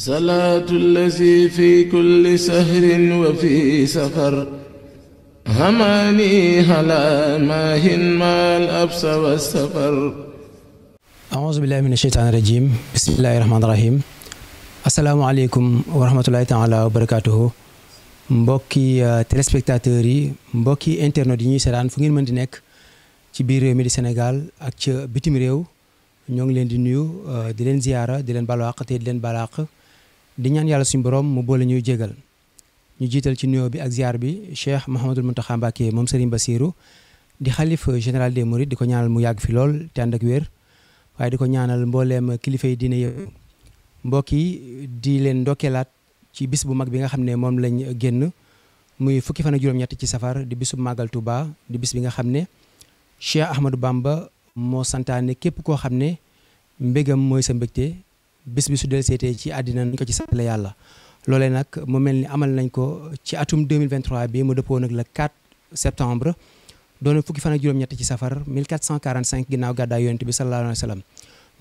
salaatu allazi fi kulli sahrin wa fi safar hamaani halaa maahin maal absa wa safar auzu billahi min asheytaani rajim bismillahi rahmaani rahim asalaamaaleykum wa rahmatullahi taala wa barakaatuhu mbokki téléspectateurs yi mbokki internautes yi ñuy seetaan fu ngeen mën di nekk ci biir réew mi di Sénégal ak ca bitim réew ñoo ngi leen di nuyu di leen ziyaara di leen balaax te di leen balaax di ñaan yàlla suñu borom mu boole ñuy jégal ñu jiital ci nuyoo bi ak ziar bi Cheikh Mouhamadul Mountakha Mbacké moom Serigne Bassirou di xalif général des Mourides di ko ñaanal mu yàgg fi lool te ànd ak wér waaye di ko ñaanal mbooleem kilifa yi dina yëpp mbokk yi di leen ndokkeelaat ci bis bu mag bi nga xam ne moom lañ génn muy fukki fan ak juróom-ñett ci safar di bisub màggal Touba di bis bi nga xam ne Cheikh Ahmadou Bamba moo santaane képp koo xam ne mbégam mooy sa mbégte bis bi su del seetee ci àddina ñu ko ci santale yàlla loolee nag mu mel ni amal nañ ko ci atum 2023 bi mu dëppoo nag le 4 septembre doon fukki fan ak juróom-ñett ci safar 1445 ginnaaw gàddaay yonent bi sallallahu alayhi wa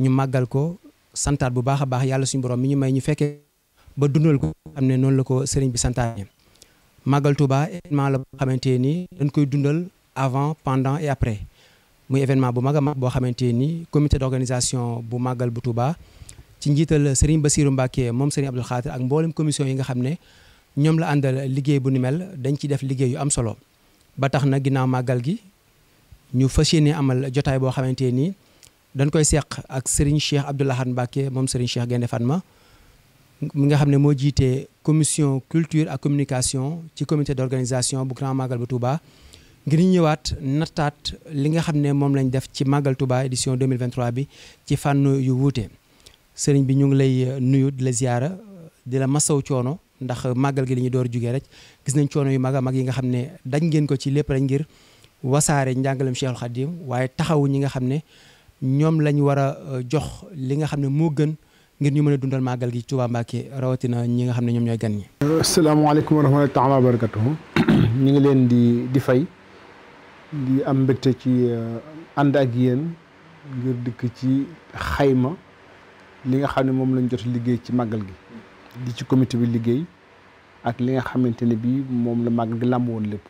ñu màggal ko santaat bu baax a baax yàlla suñu borom mi ñu may ñu fekkee ba dundal ko am ne noonu la ko sëriñ bi santaane màggal Tuuba événement la boo xamante ni dañ koy dundal avant pendant et après muy événement bu mag a mag boo xamante ni comité d'organisation bu màggal bu Tuuba ci njiital Serigne Bassirou Mbacke moom Serigne Abdoul Khadir ak mboolem commission yi nga xam ne ñoom la àndal liggéey bu ni mel dañ ciy def liggéey yu am solo ba tax na ginnaaw màggal gi ñu fas yéene amal jotaay boo xamante ni dañ koy seq ak Serigne Cheikh Abdoul Ahad Mbacke moom Serigne Cheikh Gaïndé ma mi nga xam ne moo jiite commission culture ak communication ci comité d'organisation bu Grand Magal bu Touba ngir ñëwaat nattaat li nga xam ne moom lañ def ci Magal Touba édition 2023 bi ci fànn yu wuute. sëriñ bi ñu ngi lay euh, nuyu di la ziyaara di la masaw coono ndax màggal gi li ñu door jugee rek gis nañ coono yu mag a mag yi nga xam ne dañ ngeen ko ci lépp rek ngir wasaare njàngalem Cheikhul Khadim waaye taxawu ñi nga xam ne ñoom lañ war a euh, jox li nga xam ne moo gën ngir ñu mën a dundal màggal gi Touba Mbacké rawatina ñi nga xam ne ñoom ñooy gan ñi. asalaamaaleykum wa rahmatullaahi taala wa barakaatuh ñu ngi leen di di fay di am mbégte ci euh, ànd ak yéen ngir dikk ci xayma. li nga xam ne moom lañ jot liggéey ci màggal gi di ci comité bi liggéey ak li nga xamante ne bii moom la màggal gi làmb woon lépp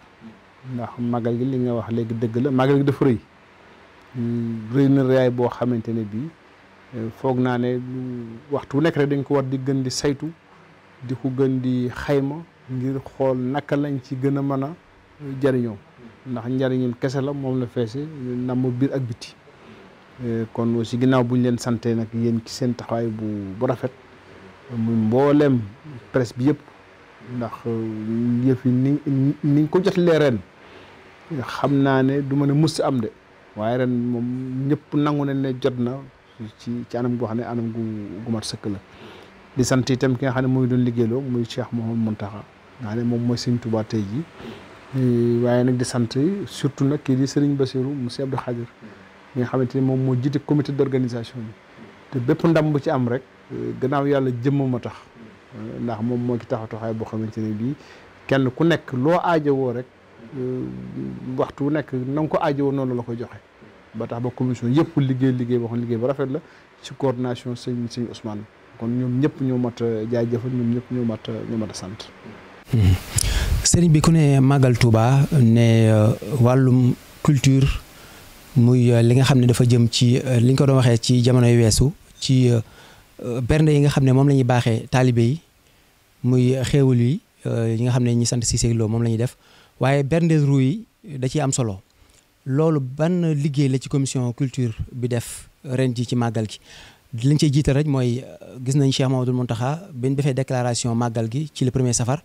ndax màggal gi li nga wax léegi dëgg la màggal gi dafa rëy rëy na rëyaay boo xamante ne bii euh, foog naa ne waxtu wu nekk dañ ko war di gën di saytu di ko gën di xayma ngir xool naka lañ ci gën a mën a euh, jariñoo ndax njariñul kese la moom la feese namm biir ak biti Euh, kon aussi ginnaaw bu ñu leen sante nag yéen ci seen taxawaay bu bu rafet muy mbooleem presse bi yëpp ndax euh, yëf yi ni niñ ko jotalee ren xam naa ne du ma ne mus am de waaye ren moom ñëpp nangu nañ ne jot na ci ci anam goo xam ne anam gu gu mat sëkk la di sant tam ki nga xam ne mooy doon liggéeyloo muy Cheikh Mouhamadou Mountakha nga xam ne moom mooy Sëriñ Tuubaa tey ji waaye nag di sant surtout nag kii di Sëriñ Bassirou mu Cheikh Abdou Khadir mi xamante ni moom moo jiite comité d'organisation bi te bépp ndam bu ci am rek gannaaw yàlla jëmm ma tax ndax moom moo ci taxatuxaay boo xamante ne bii kenn ku nekk loo aajowoo rek waxtu wu nekk na nga ko noonu la ko joxe ba tax ba commission yëpp liggéey liggéey boo liggéey bu rafet la ci coordination sëñ sëñ Ousmane kon ñoom ñëpp ñoo mat a jaajëfal ñoom ñëpp ñoo mat a ñoo a sant. sëriñ bi ku ne Magal Touba ne wàllum culture. muy euh, li nga xam ne dafa jëm ci euh, li ñu ko doon waxee ci jamono yu weesu ci euh, bernde yi nga xam ne moom lañuy baaxee taalibe yi muy xéewal yi yi nga xam ne ñu sant Cissé Lo moom la ñuy def waaye bernde ru yi da ciy am solo loolu ban liggéey la ci commission culture bi def ren ji ci màggal gi liñ ci jiital rek mooy gis nañ Cheikh Mamadou Mountakha bi ñu defee déclaration màggal gi ci le premier safar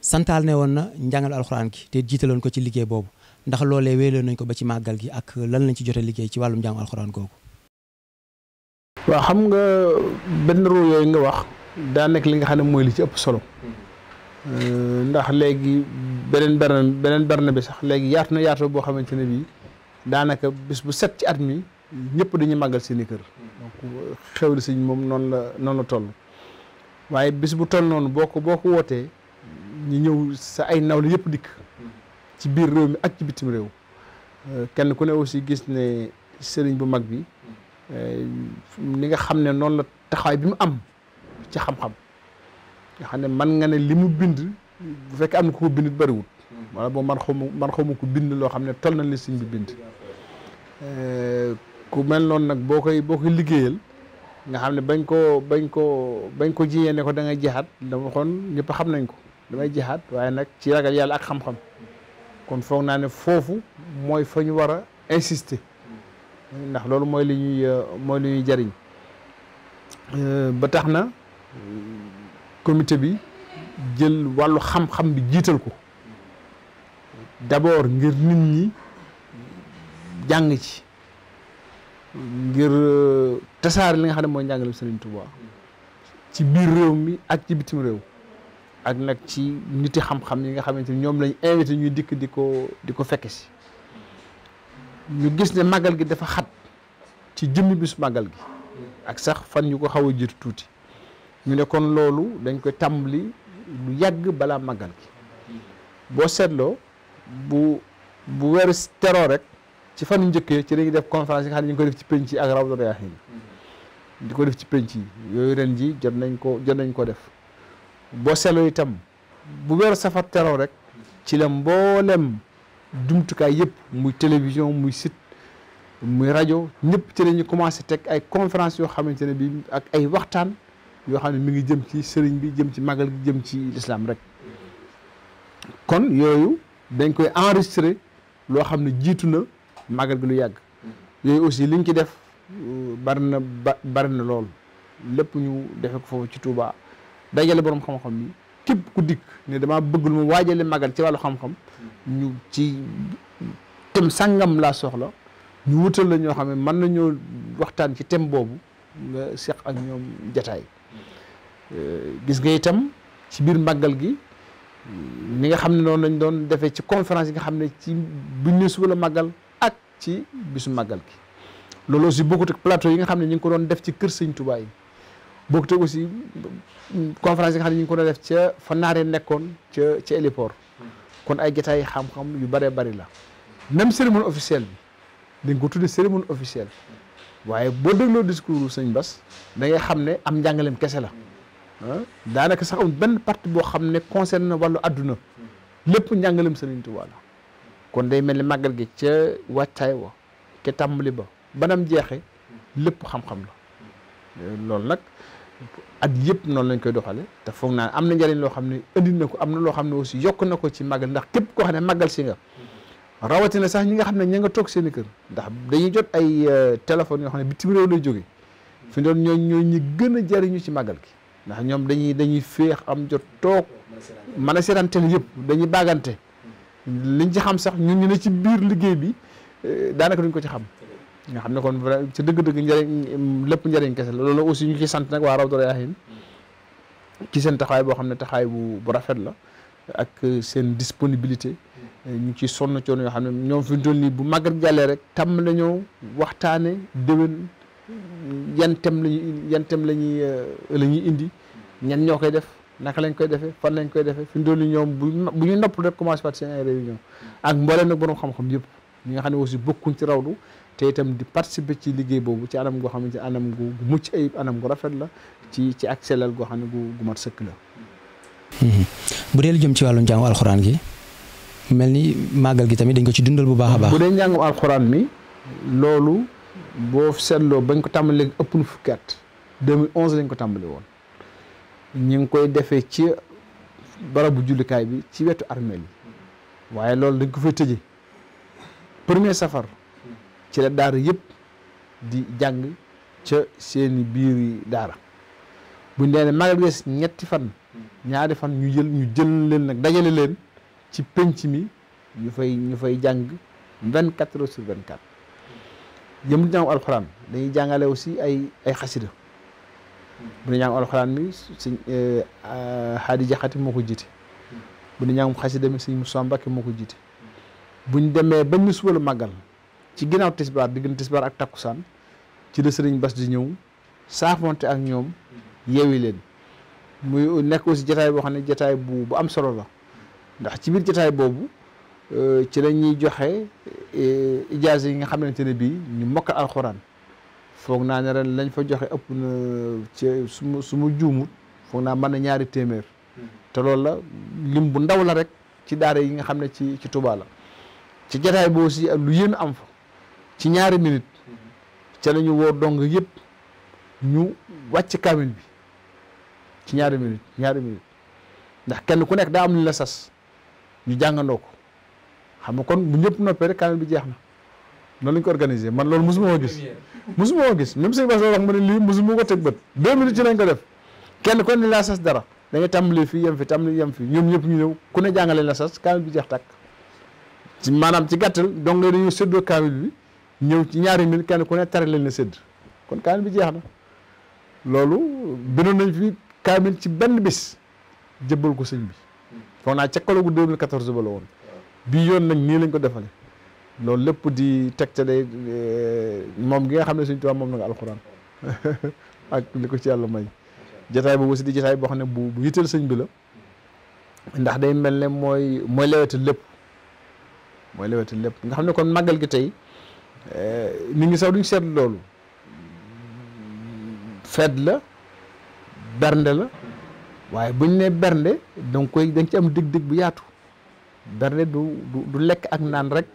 santaal ne woon na njàngal alxuraan gi te jiitaloon ko ci liggéey boobu ndax loolee wéyale nañ ko ba ci màggal gi ak lan lañ ci jotee liggéey ci wàllum jàngu alxuraan googu. waaw xam nga benn ruu yooyu nga wax daa nekk li nga xam ne mooy li ci ëpp solo euh, ndax léegi beneen berne beneen berne bi sax léegi yaatu na yaatu boo xamante ne bii daanaka bis bu set ci at mi ñëpp dañuy màggal seeni kër. donc xewli si moom noonu la noonu la toll. waaye bis bu toll noonu boo ko boo ko wootee ñu ñëw sa ay nawle yëpp dikk. ci biir réew mi ak ci bitim réew euh, kenn ku ne aussi gis ne sëriñ bu mag bi euh, ni nga xam ne noonu la taxawaay bi mu am ci xam-xam nga xam ne man nga ne li mu bind bu fekkee am na ko ko bind bëriwul boo man xaw ma man xaw ma bind loo xam ne tol na li sëriñ bi bind euh, ku mel noonu nag boo koy boo koy liggéeyal nga xam ne bañ koo bañ koo bañ ko jiyee ne ko dangay ngay jeexaat dama waxoon ñépp xam nañ ko damay jeexaat waaye nag ci yagal yàlla ak xam-xam kon foog naa ne foofu mooy fa ñu war a insister ndax loolu mooy li euh, mooy li jariñ euh, ba tax na commité bi jël wàllu xam-xam bi jiital ko d'abord ngir nit ñi jàng ci ngir euh, tasaare li nga xam ne mooy njàngale Sëriñ Tuubaa ci biir réew mi ak ci bitim réew ak nag ci niti xam yi nga xamante ni ñoom lañ invité ñuy dikk di ko di ko fekke si ñu gis ne màggal gi dafa xat ci jëmmi bis màggal gi ak sax fan yu ko xaw a jiitu tuuti ñu ne kon loolu dañ koy tàmbali lu yàgg balaa màggal gi boo seetloo bu bu weeru teroo rek ci fan yu njëkkee ci dañuy def conférence yi nga xam ne ñu ko def ci penc yi ak raw doon di ko def ci penc yi yooyu ren ji jot nañ ko jot nañ ko def boo seetloo itam bu weeru safar teroo rek ci la mboolem jumtukaay yëpp muy télévision muy sit muy rajo ñëpp ci la ñu commencé teg ay conférence yoo xamante ne bi ak ay waxtaan yoo xam ne mi ngi jëm ci sëriñ bi jëm ci magal gi jëm ci lislaam rek kon yooyu dañ koy enregistré loo xam ne jiitu na magal gi lu yàgg yooyu aussi liñ ci def euh, bari na bari na lool lépp ñu defe ko foofu ci Touba dajale borom xam-xam yi képp ku dikk ne damaa bëgg lu ma waajale magal ci wàllu xam-xam ñu ci thème sàngam laa soxla ñu wutal la ñoo xam ne mën nañoo waxtaan ci thème boobu nga seq ak ñoom jataay euh, gis nga itam ci biir màggal gi ni nga xam ne noonu lañ doon defee ci conférence yi nga xam ne ci buñ ne suba la màggal ak ci bisu màggal gi loolu si bokkut ak plateau yi nga xam ne ñu ngi ko doon def ci kër sëñ Tuubaa bokk te aussi conférence nga xam ne ñu ngi ko doon def ca fa nekkoon ca ca héliport kon ay jotaay xam-xam yu bëree bëri la même cérémonie officielle bi dañ ko tuddee cérémonie officielle waaye boo dégloo sëñ Bass da ngay xam ne am njàngaleem kese la daanaka sax am benn partie boo xam ne concerne na wàllu àdduna lépp njàngaleem Sëriñ Tuubaa la kon day mel ni màggal gi ca wàccaay wa ca tàmbali ba banam jeexe lépp xam-xam la loolu nag at yëpp noonu lañ koy doxale te foog naa am na njëriñ loo xam ne indi na ko am na loo xam ne aussi yokk na ko ci màggal ndax képp koo xam ne màggal si nga rawatina sax ñi nga xam ne ña nga toog seen i kër ndax dañuy jot ay euh, téléphone yoo xam ne bitim réew lay jógee fi doon ñoo ñoo ñi gën a jariñu ci màggal gi ndax ñoom dañuy dañuy féex am jot toog mën a seetaan télé yëpp dañuy baagante liñ ci xam sax ñun ñu ne ci biir liggéey bi euh, daanaka duñ ko ci xam nga xam ne kon vrai ci dëgg-dëgg njëriñ lépp njëriñ kese la loolu aussi ñu ci sant nag waa Rawdu Rayaahiin ci seen taxawaay boo xam ne taxawaay bu bu rafet la ak seen disponibilité ñu ci sonn coono yoo xam ne ñoom fi ñu toll nii bu màggat jàllee rek tàmm nañoo waxtaane déwén yan tem lañu yan tem la ñuy euh, la ñuy indi ñan ñoo koy def naka lañ koy defee fan lañ koy defee fi ñu toll nii ñoom bu bu ñu nopp rek commencé waat seen ay réunion ak mbooleem nag borom xam-xam yëpp ñi nga xam ne aussi bokkuñ ci raw rawdu te itam di participer ci liggéey boobu ci anam goo xam ne ci anam gu mucc ay anam gu rafet la ci ci ak sellal goo xam ne gu gu mat sëkk la. Hmm. bu dee lu jëm ci wàllu njàngu alxuraan gi mel ni màggal gi tamit dañ ko ci dundal bu baax a baax. bu dee njàngu alxuraan mi loolu boo seetloo bañ ko tàmbalee ëpp na fukki at 2011 lañ ko tàmbali woon ñu ngi koy defee ci barabu jullikaay bi ci wetu armeel yi waaye loolu dañ ko fay tëjee premier safar. ci la daara yëpp di jàng ca seeni biiri daara buñ dee ne magal bi ñetti fan ñaari fan ñu jël ñu jël leen nag dajale leen ci penc mi ñu fay ñu fay jàng vingt quatre heures sur vingt quatre yëmul jàng alxuraan dañuy jàngale aussi ay ay xasida bu ne jàng alxuraan mi sëñ Xaadi euh, ah, Jaxate moo ko jiite bu ne jàngum xasida mi sëñ Musaa Mbàkke moo ko jiite ñu demee ba ñu subalu màggal ci ginnaaw tisbaar diggante tisbaar ak takkusaan ci la sëriñ Bas di ñëw saafonte ak ñoom yeewi leen muy nekk aussi jataay boo xam ne jataay bu bu am solo la ndax ci biir jataay boobu euh, ci la ñuy joxe euh, ijaasa yi nga xamante ne bii ñu mokkal alxuraan foog naa ne ren lañ fa joxe ëpp na ci su ma foog naa mën na ñaari téeméer mm-hmm. te loolu la lim bu ndaw la rek ci daara yi nga xam ne ci ci Tuubaa la ci jataay boobu aussi lu yéen am fa ci ñaari minute ca la ñu woo dong yëpp ñu wàcc kaamil bi ci ñaari minute ñaari minute ndax kenn ku nekk daa am lu la sas ñu jàngandoo ko xam nga kon bu ñëpp noppee rek kaamil bi jeex na noonu lañ ko organisé man loolu mosuma ko gis mosuma ko gis même sëñ Bass wax ma ne lii mosuma ko teg bët deux minutes ci lañ ko def kenn ku ne laa sas dara da ngay tàmbalee fii yem fi tàmbalee yem fi ñoom ñëpp ñu ñëw ku ne jàngale la sas kaamil bi jeex tàkk ci maanaam ci gàttal donc dañuy séddoo kaamil bi ñëw ci ñaari mil kenn ku ne tere leen sedd kon kaamil bi jeex na loolu bindoon nañ fi kaamil ci benn bis jëbbal ko sëñ bi foog naa ca kaloogu 2014 ba la woon bii yoon nag nii lañ ko defale loolu lépp di teg tegtale eh, moom gi nga xam ne Sëñ Tuubaa moom na nga alxuraan ak li ko ci yàlla may jataay boobu aussi di jataay boo xam ne bu bu yitteel sëñ bi la ndax day mel ne mooy mooy lewetal lépp mooy lewetal lépp nga xam ne kon màggal gi tey Euh, nit ngi sax duñ seet loolu feet la bernde la waaye buñ ne bernde danga koy da ci am dig-dig bu yaatu bernde du du lekk ak naan rek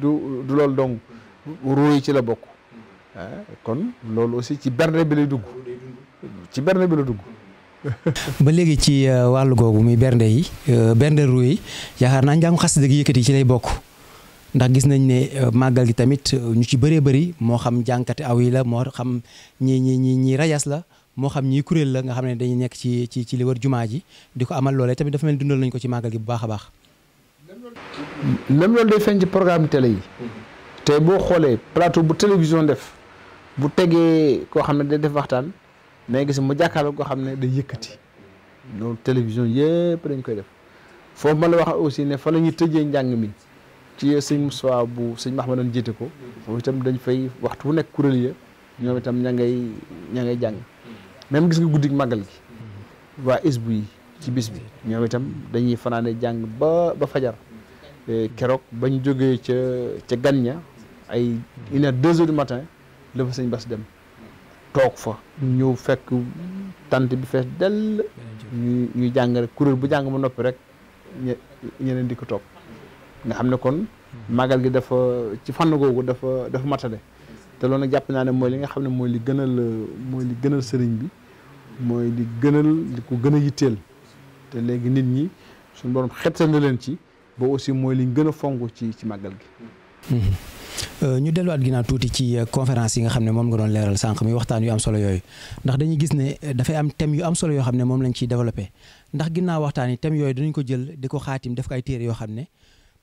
du du loolu dong ruuy ci la bokk ah, kon loolu aussi ci bernde bi lay dugg ci bernde bi la dugg ba léegi ci euh, wàllu googu muy bernde yi euh, bernde ruuy yaakaar naa njàng xas dëgg yëkkati ci lay bokk ndax gis nañ ne euh, màggal gi tamit euh, ñu ci bëree bëri moo xam jànkati aw yi la moo xam ñi ñi ñi ñi rajas la moo xam ñi kuréel la nga xam ne dañuy nekk ci ci ci li wër jumaa ji di ko amal loolee tamit dafa mel dundal nañ ko ci màggal gi bu baax a loolu day feeñ ci programme télé yi hmm. te boo xoolee plateau bu télévision def bu tegee koo xam ne day def waxtaan mais gis mu jàkkaarloo koo xam ne day yëkkati loolu télévision yëpp dañ koy def foofu ma la wax aussi ne fa la ñuy tëjee njàng mi ci sëñ Moussa bu sëñ Mahmad doon jiite ko moom itam dañ fay waxtu wu nekk kuréel ya ñoom itam ña ngay ña ngay jàng même gis nga guddi màggal gi waa isbu yi ci bis bi ñoom itam dañuy fanaane jàng ba ba fajar eh, keroog bañ jógee ca ca gan ña ay une heure deux heures du matin la fa sëñ dem toog fa ñëw fekk tant bi fees dell ñu ñuy jàng rek kuréel bu jàng ma noppi rek ñeneen di ko toog nga xam ne kon màggal gi dafa ci fànn googu dafa dafa matale te loolu nag jàpp naa ne mooy li nga xam ne mooy li gënal mooy li gënal sëriñ bi mooy li gënal li ko gën a yitteel te léegi nit ñi suñu borom xetal na leen ci boo aussi mooy li gën a fonk ci ci màggal gi hmm. euh, ñu delluwaat ginnaaw tuuti ci euh, conférence yi nga xam ne moom nga doon leeral sànq mi waxtaan yu am solo yooyu ndax dañuy gis ne euh, dafay am thème yu am solo yoo xam ne moom lañ ciy développé ndax ginnaaw waxtaan yi thème yooyu dinañ ko jël di ko xaatim def ay téere yoo xam ne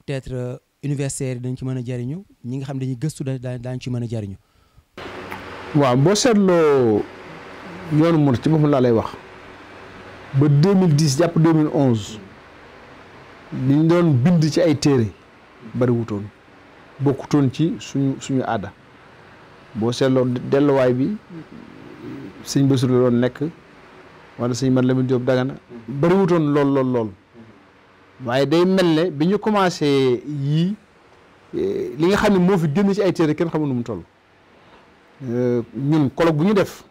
peut-être euh, universitaires dañ ci mën a jariñu ñi nga xam dañuy gëstu da dañu ci mën a jariñu waaw boo seetloo yoonu mur ci boppam laa lay wax ba 2010 jàpp 2011 li ñu doon bind ci ay téere bari wutoon bokkutoon ci suñu suñu aada boo seetloo delluwaay bi sëñ Bassirou la doon nekk wala sëñ Mat Lamine Diop Dagana bari wutoon lool lool lool waaye day mel ne bi ñu commencé yii eh, li nga xam ne moo fi génn ci ay téere kenn xamul nu mu toll eh, ñun colloque bu ñu def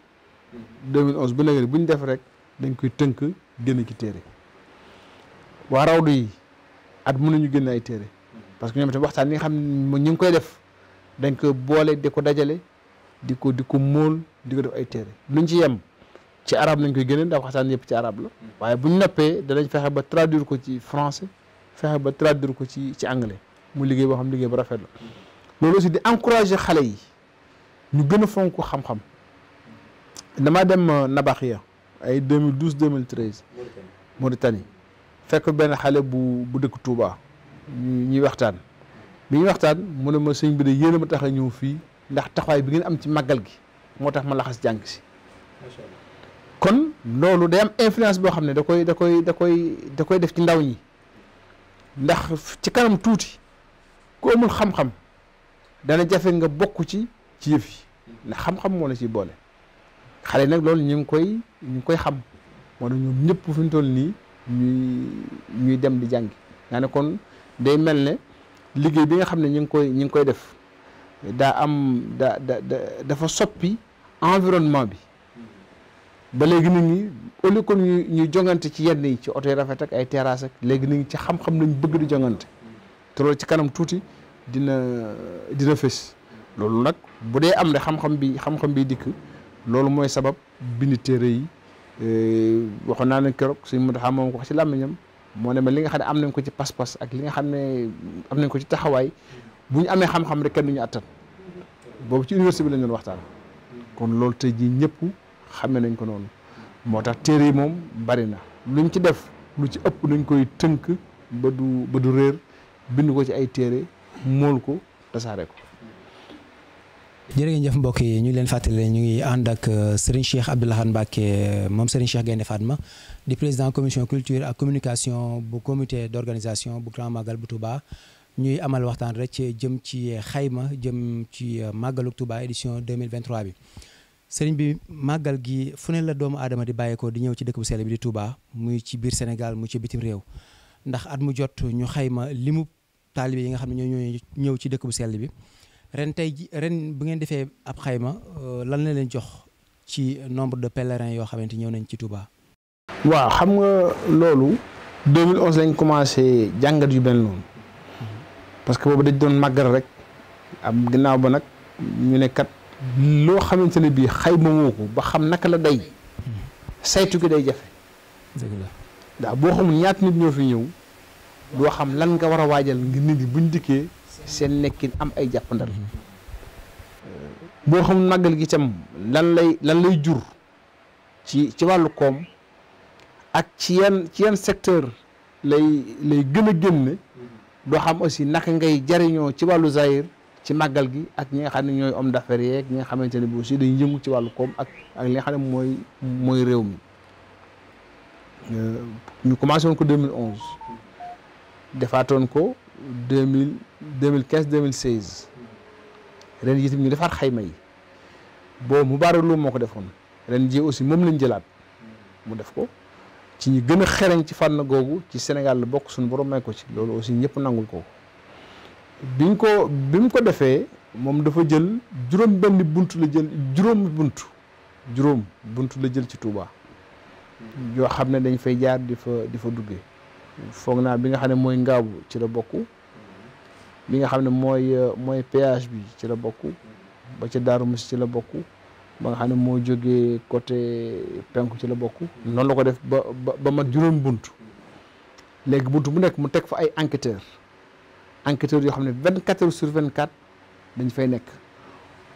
2011 ba léegi bu ñu def rek dañ koy tënk génn ci téere waa rawdu yi at mun nañu génn ay téere parce que ñoom itam waxtaan yi nga xam ne ñu ngi koy def dañ koy boole di ko dajale di ko di ko móol di ko def ay téere luñ ci yem ci arab lañ koy génne ndax waxtaan yëpp ci arab la waaye bu ñu noppee danañ fexe ba traduire ko ci français fexe ba traduire ko ci ci anglais mu liggéey boo xam liggéey bu rafet la loolu aussi di encourager xale yi ñu gën a fonk xam-xam damaa dem euh, Nabaxiya ay 2012 2013 Mauritanie fekk benn xale bu bu dëkk Touba ñuy waxtaan bi ñuy waxtaan mu ne ma sëñ bi de yéen a ma tax a ñëw fii ndax taxawaay bi ngeen am ci màggal gi moo tax ma laxas jànk si kon loolu day am influence boo xam ne da koy da koy da koy da koy def ci ndaw ñi ndax ci kanam tuuti ku amul xam-xam dana jafe nga bokk ci ci yëf yi ndax xam-xam moo la ciy boole xale nag loolu ñu ngi koy ñu ngi koy xam moo tax ñoom nii ñuy dem di jàngi nga kon day mel ne liggéey bi nga xam ne ñu ngi koy ñu ngi koy def daa am da da dafa soppi environnement bi ba léegi nit ñi au lieu ñu ñuy jongante ci yenn yi ci oto yi rafet ay terrasse ak léegi nit ñi ci xam-xam lañ bëgg di jongante te loolu ci kanam tuuti dina dina fës loolu nag bu dee am ne xam-xam bi dikk loolu mooy sabab bindi téere yi waxoon naa ne keroog suñ mu taxaw moom ko wax ci moo ne ma li nga xam ne am nañ ko ci pas-pas ak li nga xam ne am nañ ko ci taxawaay bu ñu amee xam-xam rek kenn duñu attan boobu ci université bi lañ waxtaan kon loolu te jii ñëpp xame nañ ko noonu moo tax téere yi moom bari na luñ ci def lu ci ëpp nañ koy tënk ba du ba réer bind ko ci ay téere mool ko tasaare ko jërëjëf mbokk yi ñu leen fàttali ñu ngi ànd ak euh, Serigne Cheikh Abdou Lahad Mbacké moom Serigne Cheikh Gaïndé Fatma di président commission culture ak communication bu comité d'organisation bu Grand Magal bu Touba ñuy amal waxtaan rek jëm ci xayma jëm ci euh, Magalu Touba édition 2023 bi sëriñ bi màggal gi fu ne la doomu aadama di bàyyeekoo di ñëw ci dëkk bu sell bi di Touba muy ci biir Sénégal mu ci bitim réew ndax at mu jot ñu xayma limu taalibe yi nga xam ne ñoo ñëw ci dëkk bu sell bi ren tey ji ren bu ngeen defee ab xayma euh, lan la leen jox ci nombre de pèlerins yoo xamante ñëw nañ ci Touba. waaw xam nga loolu 2011 lañ commencé jàngat yu benn noonu mhm. parce que boobu dañ doon màggal rek am ginnaaw ba nag ñu ne kat. loo xamante ne bii xayma woo ko ba xam naka la day saytu gi day jafe. dëgg la ndax boo xamul ñaata nit ñoo fi ñëw doo xam lan nga war a waajal ngir nit ñi buñ dikkee seen nekkin am ay jàppandal. Mhm. boo xamul màggal gi tam lan lay lan lay jur ci ci wàllu koom ak ci yan ci yan secteur lay lay gën a génne doo xam aussi naka ngay jariñoo ci wàllu zahir ci màggal gi ak ñi nga xam ne ñooy homme d'affaires yeeg ñi nga xamante ne bi aussi dañuy yëngu ci wàllu koom ak ak li xam ne mooy mooy réew mi euh, ñu commencé woon ko 2011 defaatoon ko 2000 2015 2016 ren yi itam ñu defaat xayma yi mu Moubarack loolu moo ko defoon ren ji aussi moom lañ jëlaat mu def ko ci ñu gën a xereñ ci fànn googu ci Sénégal la bokk suñu borom may ko ci loolu aussi ñëpp nangul ko. biñ ko bi ko defee moom dafa jël juróom bunt la jël juróom bunt juróom bunt la jël ci Touba. yoo xam ne dañ fay jaar di fa di fa foog naa bi nga xam ne mooy ngaabu ci la bokk bi nga xam ne mooy mooy péage bi ci la bokk ba ca Daaru Musi ci la bokk ba nga xam ne moo jógee côté penku ci la bokk noonu la ko def ba ba mat juróom bunt léegi bunt bu nekk mu teg fa ay enquêteur enquêteurs yoo xam ne vingt quatre sur vint quatre dañ fay nekk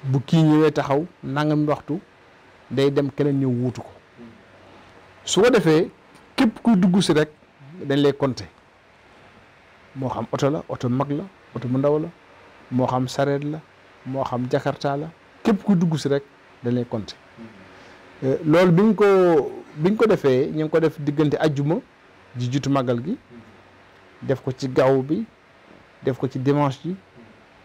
bu kii ñëwee taxaw nangam waxtu day dem keneen ñëw wuutu ko su ko defee képp kuy dugg si rek dañ lay compter moo xam oto la oto mag la oto bu ndaw la moo xam sareet la moo xam jakarta la képp kuy dugg si rek dañ lay compter euh, loolu bi ñu ko bi ñu ko defee ñu ngi ko def diggante ajjuma ji jiitu màggal gi def ko ci gaaw bi def ko ci dimanche ji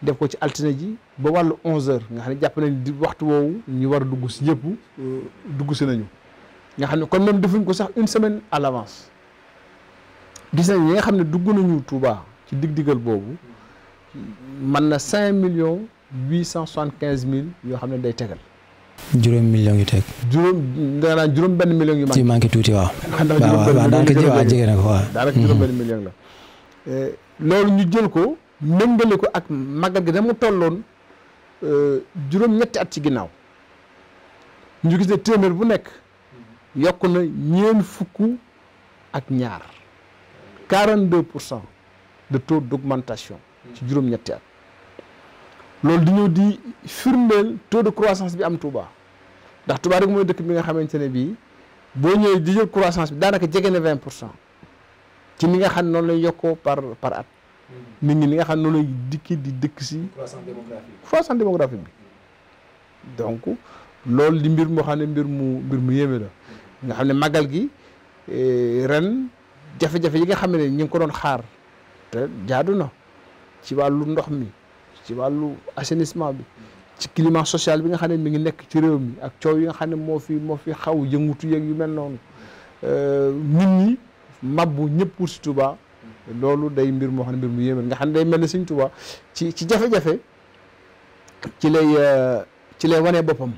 def ko ci altine ji ba wàllu onze heures nga xam ne jàpp nañ di waxtu woowu ñu war a dugg si ñëpp euh, dugg si nañu nga xam ne kon même defuñ ko sax une semaine à l'avance gis nañ ñi nga xam ne dugg nañu Touba ci dig-digal boobu man na cinq millions huit cent soixante quinze mille yoo xam ne day tegal juróom millions yu teg juróom da naan juróom benn million yu manqué tuuti waaw waaw daanaka jege na ko waaw daanaka juróom benn mm-hmm. million la euh, loolu ñu jël ko méngale ko ak màggal gi dama tolloon euh, juróom-ñetti at ci ginnaaw ñu gis ne téeméer bu nekk yokk na ñeen fukk ak ñaar 42 pour cent de taux d'augmentation ci juróom-ñetti at loolu di ñëw di firndeel taux de croissance bi am Touba ndax Touba rek mooy dëkk bi nga xamante ne bii boo ñëwee di jël croissance bi daanaka jege na 20 pour cent ci ni nga xam noonu lay yokkoo par par at hmm. nit ñi li nga xam noonu lay dikki di dëkk si croissance démographique bi donc loolu di mbir moo xam ne mbir mu mbir mu yéeme la nga xam ne màggal gi eh, ren jafe-jafe yi nga xam ne ñu ngi ko doon xaar te jaadu na ci wàllu ndox mi ci wàllu assenissement bi ci climat social bi nga xam ne mi ngi nekk ci rew mi ak coow yi nga xam ne moo fi moo fi xaw yëngutu yeeg yu mel noonu euh, nit ñi mabbu ñëpp wut si Touba loolu day mbir moo xam ne mbir mu yéeme nga xam ne day mel ni Sëñ Touba ci ci jafe-jafe ci lay euh, ci lay wane boppam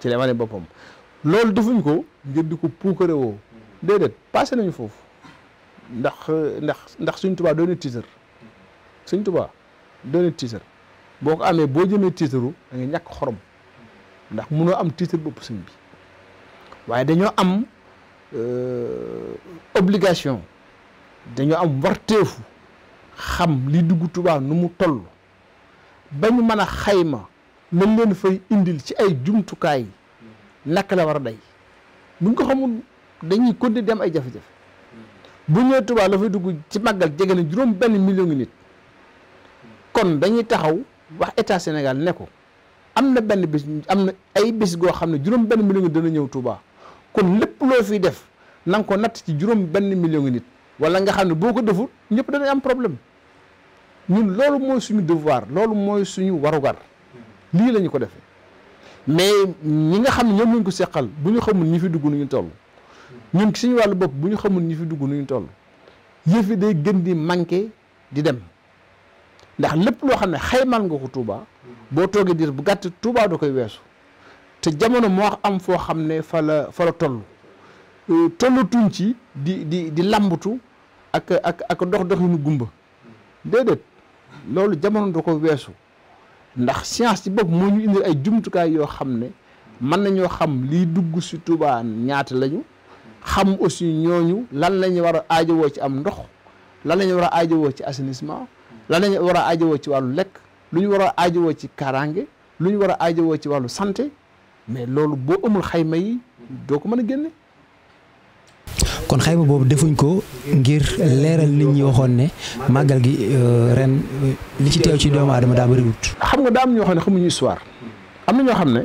ci lay wane boppam loolu defuñ ko ngir di ko puukare woo déedéet passé nañu foofu ndax ndax ndax Sëñ Touba doone titre Sëñ Touba doone titre boo ko amee boo jëmee titre da nga ñàkk xorom ndax mënoo am titre bopp sëñ bi waaye dañoo am Euh, obligation dañoo am warteefu xam li dugg Tuubaa nu mu toll ba ñu mën a xayma lañ leen fay indil ci ay jumtukaay naka la war a day buñ ko xamul dañuy kon di dem ay jafe-jafe bu ñëwee Tuubaa la fay dugg ci màggal jege na juróom benn million ngi nit kon dañuy taxaw wax état Sénégal ne ko am na benn bis am na ay bis goo xam ne juróom benn million ngi dana ñëw Tuubaa kon lépp loo fiy def na ko natt ci juróom benn million nit wala nga xam ne boo ko deful ñëpp danañ am problème ñun loolu mooy suñu devoir loolu mooy suñu warugar lii lañu ko defee mais ñi nga xam ne ñoom lañ ko seqal bu ñu xamul ñu fi dugg nu ñu toll ñun suñu wàllu bopp bu ñu xamul ñu fi dugg nu ñu toll yëfi day gën di manqué di dem ndax lépp loo xam ne xaymaal nga ko Touba boo toogee diir bu gàtt Touba da koy weesu. te jamono moo am foo xam ne fa la fa la toll euh, tollatuñ ci di di di làmbatu ak ak ak dox doxinu gumba déedéet loolu jamono da ko weesu ndax science ci bopp moo ñu indil ay jumtukaay yoo xam ne mën nañoo xam lii dugg si Tuubaa ñaata lañu xam aussi ñooñu lan lañu war a aajowoo ci am ndox lan lañu war a aajowoo ci assainissement lan war a aajowoo ci wàllu lekk lu ñu war a aajowoo ci kaaraange lu ñu war a aajowoo ci wàllu santé mais loolu boo amul xayma yi doo ko mën a génne. kon xayma boobu defuñ ko ngir leeral nit ñi waxoon ne màggal gi euh, ren li ci teew ci doomu aadama daa bëri xam nga daa am ñoo xam ne xamuñu histoire am na ñoo xam ne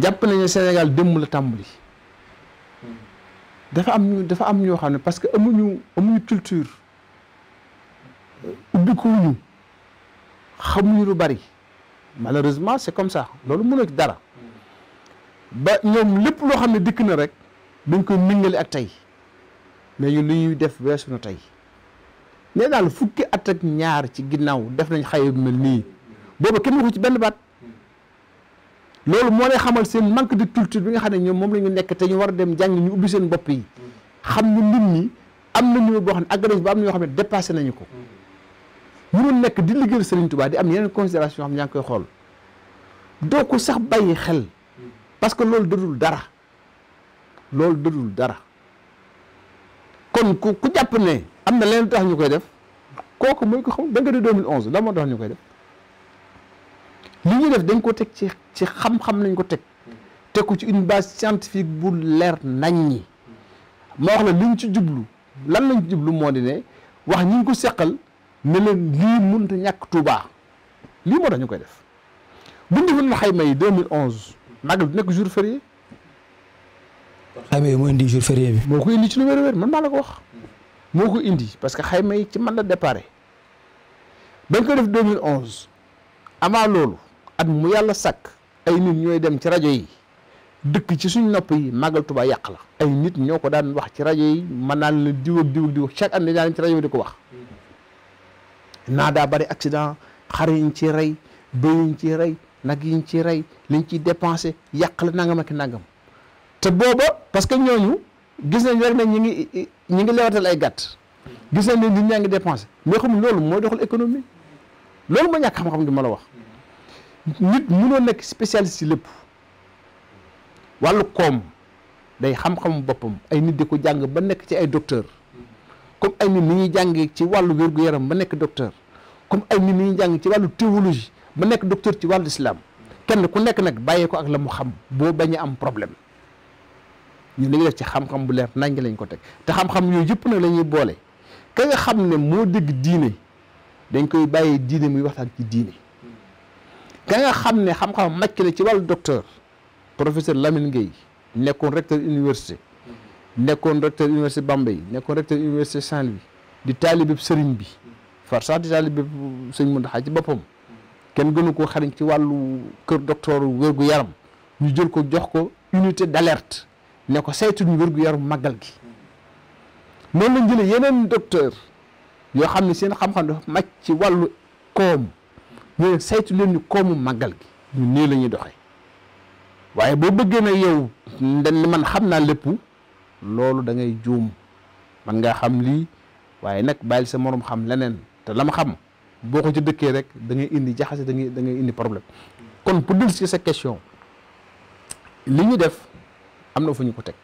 jàpp nañu Sénégal démb la tàmbali dafa am dafa am ñoo xam ne parce que amuñu amuñu culture ubbi ko wuñu xamuñu lu bari malheureusement c'est comme ça loolu mënoo dara. ba ñoom lépp loo xam ne dikk na rek dañ koy méngale ak tey mais ñu lu ñuy def weesu suñu tey nee daal fukki at ak ñaar ci ginnaaw def nañ xaye mel nii booba kenn waxu ci benn baat loolu moo lay xamal seen manque de culture bi nga xam ne ñoom moom la ñu nekk te ñu war a dem jàng ñu ubbi seen bopp yi xam ne nit ñi am na niveau boo xam ne agg nañ ba am ñoo xam ne dépassé nañu ko mënul nekk di liggéeyal Serigne Touba di am yeneen considération xam ñaa ngi koy xool doo ko sax bàyyi xel parce que loolu dëdul dara loolu dëdul dara kon ku ku jàpp ne am na leen tax ñu koy def kooku mooy ko xam da nga di 2011 la moo tax ñu koy def li ñuy def dañ ko teg ci ci xam-xam lañ ko teg teg ko ci une base scientifique bu leer nañ ñi ma wax la liñ ci jublu lan lañ ci jublu moo di ne wax ñu ngi ko seqal ne leen lii mënut a ñàkk Tuubaa lii moo tax ñu koy def buñ defoon xayma yi 2011 màggal du nekk jour férié. xayma ah, yi moo indi jour férié bi. moo ko indi ci lu wér-wér man maa la wax. moo ko indi parce que xayma yi ci man la déparé. bañ ko def 2011 avant loolu at mu yàlla sàkk ay nit ñooy dem ci rajo yi dëkk ci suñ nopp yi màggal yàq la. ay nit ñoo ko daan wax ci rajo yi man naan la diw ak diw ak année daan ci rajo yi di ko wax. naa daa bari accident xar yiñ ci rey bëy yiñ ci rey nag yiñ ci rey. liñ ciy dépensé yàq la nangam ak nangam te booba parce que ñooñu gis nañ rek ne ñi ngi ñi ngi lewatal ay gàtt gis nañ ne nit ñaa ngi dépensé mais xam loolu mooy doxal économie loolu moo ñàkk xam-xam gi ma la wax nit mënoo nekk spécialiste ci lépp wàllu koom day xam-xamu boppam ay nit di ko jàng ba nekk ci ay docteur comme ay nit ni ñuy jàng ci wàllu wér yaram ba nekk docteur comme ay nit ni ñuy jàng ci wàllu théologie ba nekk docteur ci wàllu islam kenn ku nekk nag bàyyee ko ak la mu xam boo bañ am problème ñun li ñu ci xam bu leer nañ lañ ko teg te xam-xam yooyu yëpp nag lañuy boole ka nga xam ne moo dégg diine dañ koy bàyyee diine muy waxtaan ci diine ka nga xam ne xam-xam màcc na ci wàllu docteur professeur Lamine Gueye nekkoon recteur université nekkoon recteur université Bambey nekkoon recteur université Saint-Louis di taalibe sëriñ bi far sax di taalibe sëriñ Mountakha ci boppam kenn gënu ko xariñ ci wàllu kër docteur wérgu yaram ñu jël ko jox ko unité d'alerte ne ko saytu ñu wérgu yaram màggal gi noonu lañ jëlee yeneen docteur yoo xam ne seen xam-xam dafa ci wàllu koom ñu saytu leen ñu màggal gi nii la ñuy waaye boo bëggee na yow dañ man xam naa lépp loolu da ngay juum man ngaa xam lii waaye nag bàyyil sa moroom xam leneen te la ma xam boo ko ci dëkkee rek da ngay indi jaxase dangay ngay da ngay indi problème kon pour ci sa question li ñu def am na fu ñu ko teg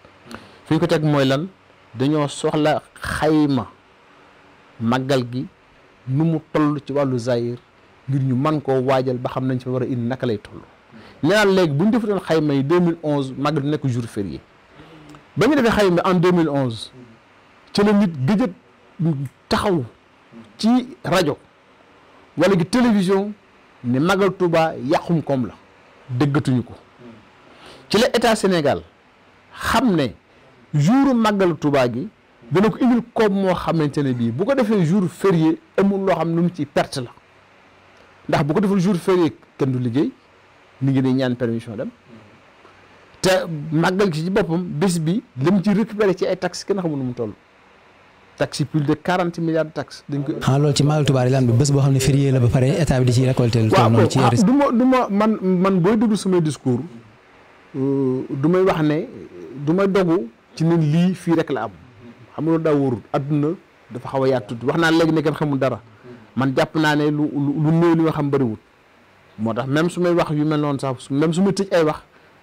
fu ñu ko teg mooy lan dañoo soxla xayma màggal gi nu mu toll ci wàllu zahir ngir ñu man koo waajal ba xam nañ ci war a indi naka lay toll ñenaan léegi bu ñu defatoon xayma yi 2011 màggal du nekk jour yi ba ñu defee xayma en 2011 ci la nit gëjët taxaw ci rajo wala gi télévision ne magal Touba yàqum koom la déggatuñu ko ci la état Sénégal xam ne jouru màggal Touba gi dana ko indil koom moo xamante ne bii bu ko defee jour férié amul loo xam lu mu ci perte la ndax bu ko defal jour férié kenn du liggéey mi ngi ne ñaan permission dem te màggal gi ci boppam bés bi lim ci récupéré ci ay taxes kenn xamul nu mu toll taxe plus de quarante milliards de dañ ko ah loolu ci Magal Touba Arelane bi bés boo xam ne férié la ba pare état bi di ci récolté. lu toll ah, man man booy déglu samay discours euh, du may wax ne du may ci ne lii fii rek la am xam nga loolu daa wóorul adduna dafa xaw a yaatu wax naa léegi ne kenn xamul dara man jàpp naa ne lu lu néew li nga xam bëriwul moo tax même su may wax yu mel noonu sax même su ma tëj ay wax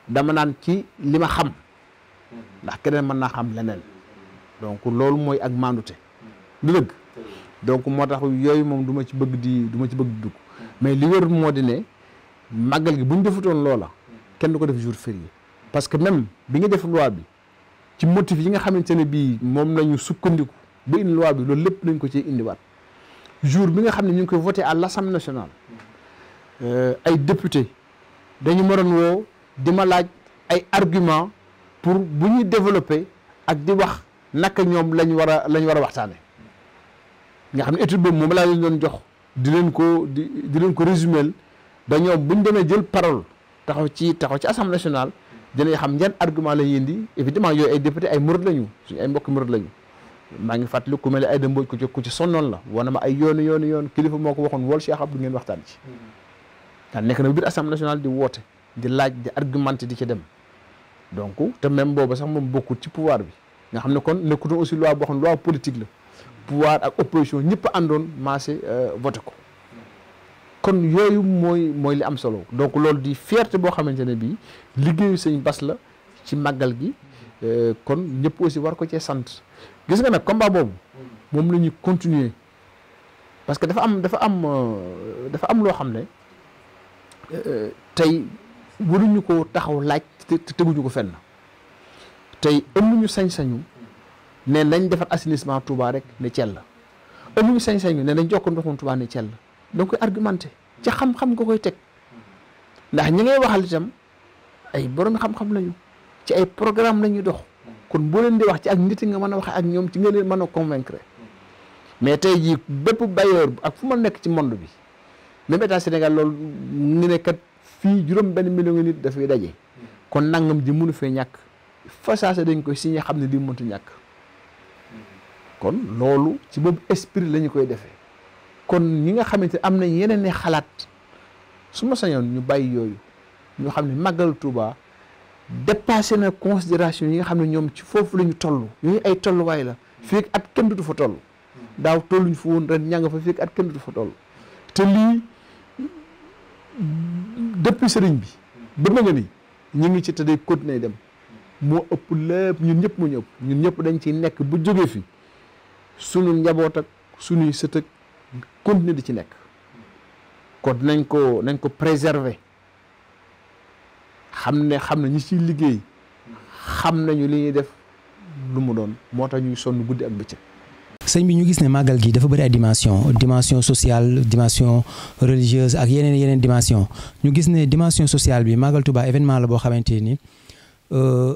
dama naan ci li ma xam ndax keneen mën naa xam leneen. donc loolu mooy ak maandute lu dëgg donc moo tax yooyu moom duma ci bëgg di du ci bëgg dugg mais li wër moo di ne màggal gi bu ñu defutoon loola kenn du ko def jour yi parce que même bi nga def loi bi ci motif yi nga xamante ne bii moom la ñu sukkandiku ba indi loi bi loolu lépp lañ ko ci indiwaat jour bi nga xam ne ñu ngi koy voté à l'Assemblée nationale euh, ay député dañu maroon doon woo di ma laaj ay argument pour bu ñuy développé ak di wax naka ñoom lañ war a lañ war a waxtaane nga xam ne étude boobu moom laa leen doon jox di ko di di leen ko résumel ba ñoom buñ demee jël parole taxaw ci taxaw ci assemblée nationale dinañ xam ñan argument lañ indi évidemment yooyu ay député ay murid lañu suñu ay mbokk murid lañu maa ngi fàttali ku mel ne Aïda Mbodj ku ci ku ci sonnoon la wana ma ay yoonu yoonu yoon kilifa moo ko waxoon wol Cheikh Abdou ngeen waxtaan ci daal nekk na biir assemblée national di woote di laaj di argumenté di ci dem donc te même boobu sax moom bokkul ci pouvoir bi nga xam ne kon nekkutoon aussi loi boo xam ne la pouvoir ak opposition ñëpp àndoon maase euh, voté ko kon yooyu mooy mooy li am solo donc loolu di fierté boo xamante ne bii liggéeyu sëñ Bas la ci màggal gi euh, kon ñëpp aussi war ko cee sant gis nga nag combat boobu moom la ñuy continuer parce que dafa am dafa am euh, dafa am loo xam ne tey waruñu ko taxaw laaj te teguñu ko fenn. tey amuñu sañ-sañu ne dañ defar assainissement Touba rek ne Thiel la amuñu sañ-sañu ne nañ jokk ndoxum Touba ne Thiel la da nga koy argumenté ci xam-xam nga koy teg ndax ñi ngay waxal itam ay borom xam-xam ci ay programme lañuy dox kon boo leen di wax ci ak nit nga mën a waxee ak ñoom ci nga leen mën a convaincre mais tey jii bépp bailleur ak fu ma nekk ci monde bi même état Sénégal loolu ñu nekkat kat fii juróom benn million nit dafay daje kon nangam ji mënu fee ñàkk. fa dañ koy signé xam ne lii mëntu ñàkk kon loolu ci boobu esprit lañu koy defee kon ñi nga xamante am nañ yeneen ne xalaat su ma sañoon ñu bàyyi yooyu ñu xam ne màggal Tuuba dépassé na considération yi nga xam ne ñoom ci foofu la ñu toll yooyu ay tolluwaay la fii at kenn du fa toll daaw tolluñ fa woon ren ña nga fa fii at kenn du fa toll te lii depuis sëriñ bi ba nga ni ñu ngi ci te day continuer dem moo ëpp lépp ñun ñëpp moo ñu ëpp ñun ñëpp dañ ci nekk bu jógee fi suñu njaboot ak sunuy sët ak continuer di ci nekk kon nañ ko nañ ko préserver xam ne xam ne ñi ciy liggéey xam nañu li ñuy def lu mu doon moo tax ñuy sonn guddi ak bëccëg sëñ bi ñu gis ne màggal gi dafa bëri ay dimension dimension sociale dimension religieuse ak yeneen yeneen dimension ñu gis ne dimension sociale bi màggal Tuubaa événement la boo xamante nii euh,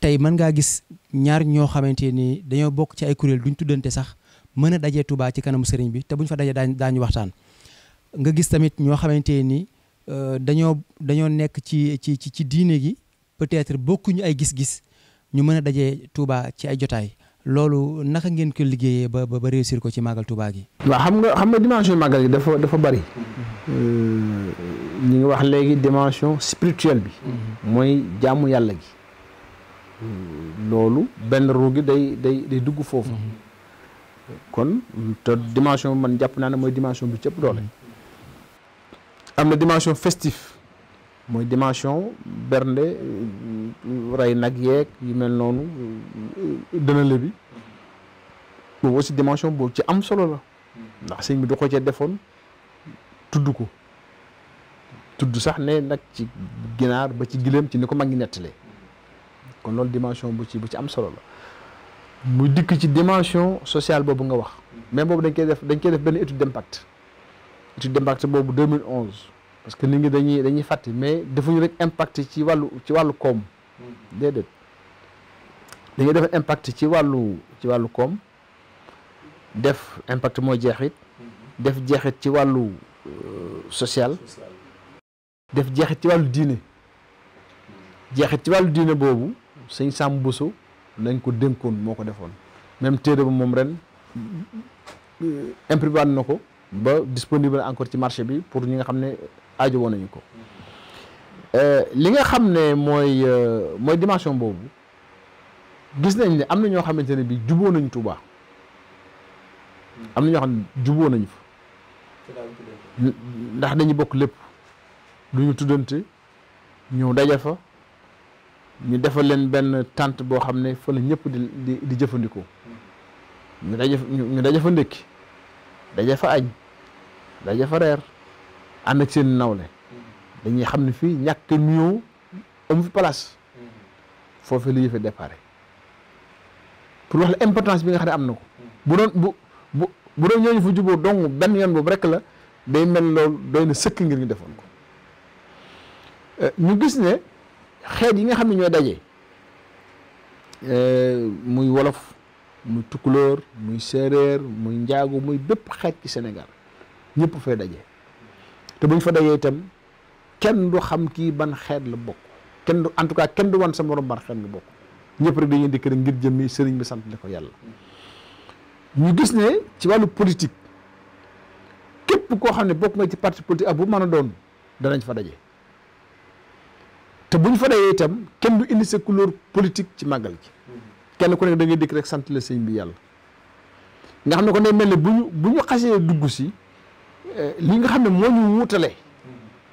tey man ngaa gis ñaar ñoo xamante nii dañoo bokk ci ay kuréel duñ tuddante sax mën a dajee Touba ci kanam sëriñ bi te ñu fa dajee daañu daañu waxtaan nga gis tamit ñoo xamante ni euh, dañoo dañoo nekk ci ci ci diine gi peut-être bokkuñu ay gis-gis ñu mën a daje Touba ci ay jotaay loolu naka ngeen ko liggéeyee ba ba réussir ko ci màggal Touba gi. waa xam nga xam nga dimension màggal gi dafa dafa bari mm-hmm. euh, ñu ngi wax léegi dimension spirituelle bi. Mm-hmm. mooy jaamu yàlla gi. loolu benn ruu day day day dugg foofu. Mhm. kon te dimension man jàpp naa ne mooy dimension bi cëpp doole. Mhm. am na dimension festif mooy dimension bernde rey nag yeeg yu mel noonu dënale bi boobu si dimension boobu ci am solo la ndax sëñ bi du ko cee defoon tudd ko tudd sax ne nag ci ginaar ba ci gileem ci ni ko mag ñi nettalee. kon loolu dimension bu ci bu ci am solo la mu dikk ci dimension sociale boobu nga wax mais boobu dañ koy def dañ koy def benn étude d'impact étude d'impact boobu 2011 parce que nit ngi dañuy dañuy fàtte mais defuñu rek impact ci wàllu ci wàllu koom déedéet dañuy def impact ci wàllu ci wàllu koom def impact mooy jeexit def jeexit ci wàllu euh, social def jeexit ci wàllu diine jeexit ci wàllu diine boobu sëñ Sam Bousso nañ ko dénkoon moo ko defoon même téere ba moom ren euh, imprimé na ko ba disponible encore ci marché bi pour ñi nga xam ne aajo woon nañu ko euh, li nga xam ne mooy euh, mooy dimension boobu gis nañ ne am na ñoo xamante ne bi juboo nañ Touba am na ñoo xam ne juboo nañ fa ndax dañu bokk lépp duñu tuddante ñëw daje fa ñu defal leen benn tente boo xam ne fa la ñëpp di di di jëfandikoo ñu daje ñu daje fa ndékki daje fa añ daje fa reer ànd ak seen nawle dañuy xam ne fii ñàkk nuyoo amu fi place foofu la yëfe déparé pour wax la importance bi nga xam ne am na ko bu doon bu bu bu doon ñooñu fa juboo dong benn yoon boobu rek la day mel loolu doy na sëkk ngir ñu defoon ko euh, ñu gis ne xeet yi nga xam ne ñooy daje euh, muy wolof muy tukulóor muy séeréer muy njaago muy bépp xeet ki Sénégal ñëpp fay daje te buñ fa dajee itam kenn du xam kii ban xeet la bokk kenn du en tout cas kenn du wan sa morom ban xeet nga bokk ñëpp rek dañuy di rek ngir jëmmi sëriñ bi sant la ko yàlla ñu gis ne ci wàllu politique képp koo xam ne bokk nga ci parti politique ak bu mën a doon danañ fa daje te bu ñu fa dayee itam kenn du indi sa couleur politique ci màggal gi kenn ku nekk da ngay dikk sant la sëñ bi yàlla nga xam ne kon day mel ne bu ñu bu ñu xasee dugg si euh, li nga xam ne moo ñu wutale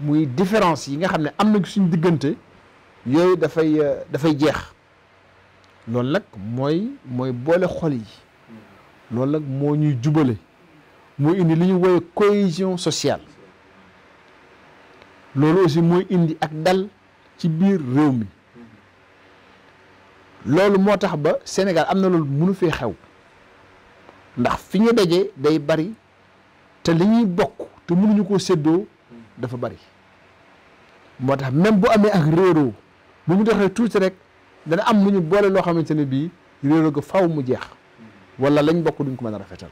muy différence yi nga xam ne am na suñu diggante yooyu dafay euh, dafay jeex loolu nag mooy mooy boole xol yi loolu nag moo ñuy jubale moo indi li ñu woowee cohésion sociale loolu aussi mooy indi ak dal ci biir réew mi loolu moo tax ba Sénégal am na loolu mënu fee xew ndax fi ñu dajee day bari te li ñuy bokk te mënuñu koo seddoo dafa bari moo tax même bu amee ak réeroo bu mu doxee tuuti rek dana am lu ñu boole loo xamante ne bii réeroo ga faw mu jeex wala lañ bokk duñ ko mën a rafetal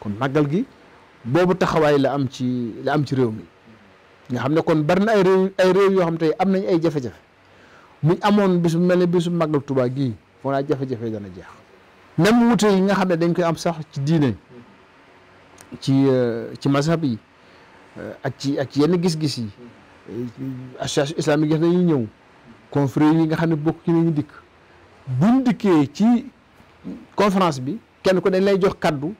kon màggal gi boobu taxawaay la am ci la am ci réew mi nga xam ne kon bari na ay réew ay réew yoo xam tey am nañ ay jafe-jafe muñ amoon bis bu mel ne bisu màggal Tuubaa gii foo naa jafe-jafe dana jeex même wute yi nga xam ne dañ koy am sax ci diine ci euh, ci mazhab yi euh, ak ci ak yenn gis-gis yi euh, association islamique yi dañuy ñëw confrérie yi nga xam ne bokk ci nañu dikk buñ dikkee ci conférence bi kenn ko dañ lay jox kàddu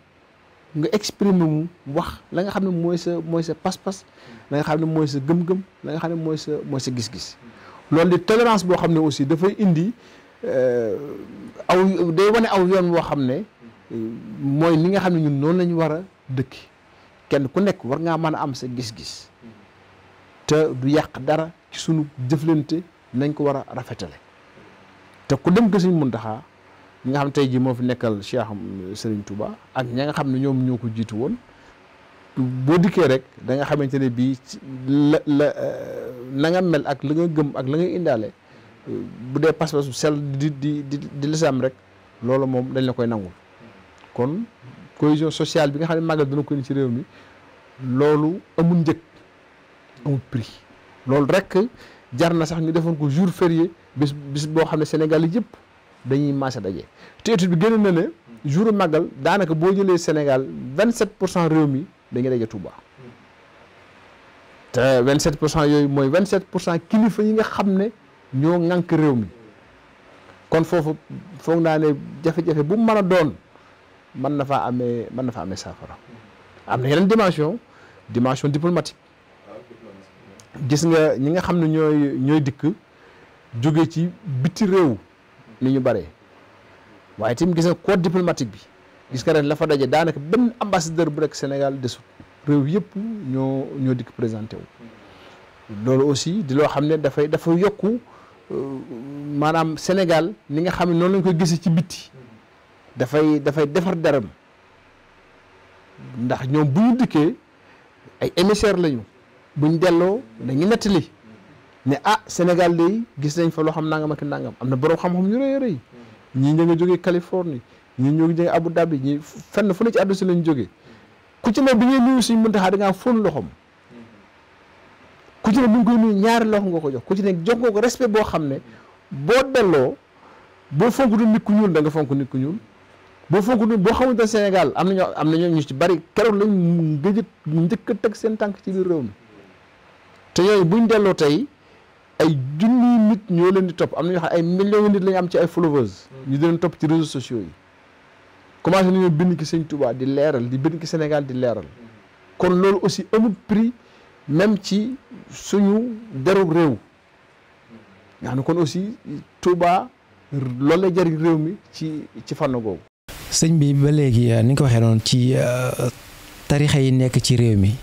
nga exprimer mu wax la nga xam ne mooy sa mooy sa pas-pas la nga xam ne mooy sa gëm-gëm la nga xam ne mooy sa mooy sa gis-gis loolu di tolérance boo xam ne aussi dafay indi euh, aw day wane aw yoon woo xam ne euh, mooy li nga xam ne ñun noonu la ñu war a dëkki kenn ku nekk war ngaa mën a am sa gis-gis te du yàq dara ci sunu jëflante nañ ko war a rafetale te ku dem gësuñ mun taxaa ñi nga xam tey jii moo fi nekkal Cheikh seriñ Touba ak ña nga xam ne ñoom ñoo ko jiitu woon boo dikkee rek danga nga xamante ne bii la la euh, na nga mel ak la nga gëm ak la nga indiaale euh, bu dee pas-pas bu sel di di di di lislaam rek loolu moom dañ la koy nangul kon cohésion sociale bi nga xam ne màggal dana ko ci réew mi loolu amul njëg amul prix loolu rek jar na sax ñu defoon ko jour férié bis bis boo xam ne Sénégal yëpp. dañuy maase daje te étude bi gën na ne jouru màggal daanaka boo jëlee Sénégal 27 pour cent réew mi dañuy daje Touba te 27 pour cent yooyu mooy 27 pour cent kilifa yi nga xam ne ñoo ŋànk réew mi kon foofu foog naa ne jafe-jafe bu a doon mën na faa amee mën na faa amee saafara am na yeneen dimension dimension diplomatique gis nga ñi nga xam ne ñooy ñooy dikk jóge ci biti réew. li ñu bare waaye tamit gis nga corps diplomatique bi gis nga ren la fa daje daanaka benn ambassadeur bu rek Sénégal desut réew yëpp ñoo ñoo dikk présenté wu. loolu aussi di loo xam ne dafay dafa yokku euh, maanaam Sénégal ni nga xam ne noonu lañ koy gisee ci bitti dafay dafay defar daram ndax ñoom bu ñu dikkee ay émissaires lañu buñ delloo dañu nettali. ne ah Sénégal léegi gis nañ fa loo xam nangam ak nangam am na boroom xam-xam yu rëy ñii nga ngi jógee Californie ñii ñoo ngi jógee Abu Dhabi ñii fenn fu ne ci àdduna si lañ jógee ku ci ne bi ngay nuyu suñ muntaxaa da ngaa fóon loxoom ku ci ne ñaari loxo nga ko jox ku ci ne jox nga ko respect boo xam ne boo delloo boo fonk du nit ku ñuul da fonk nit ku ñuul boo fonk du boo xamante Sénégal am na ñoo am na ñoo ñu ci bari keroog lañ gëj njëkk a teg seen tànk ci biir réew mi te yooyu buñ delloo tey ay junniy nit ñoo leen di topp am na ñoo xam ne ay nit la am ci ay followers. ñu di leen topp ci réseaux sociaux yi. commencé nañoo bind ki sëñ Touba di leeral di bind ki Sénégal di leeral. kon loolu aussi amul prix même ci suñu deru réew. nga xam ne kon aussi Touba loolu la jëriñ réew mi ci ci fànn googu. sëñ bi ba léegi eh, ni ko waxee noonu ci eh, tarixa yi nekk ci réew mi.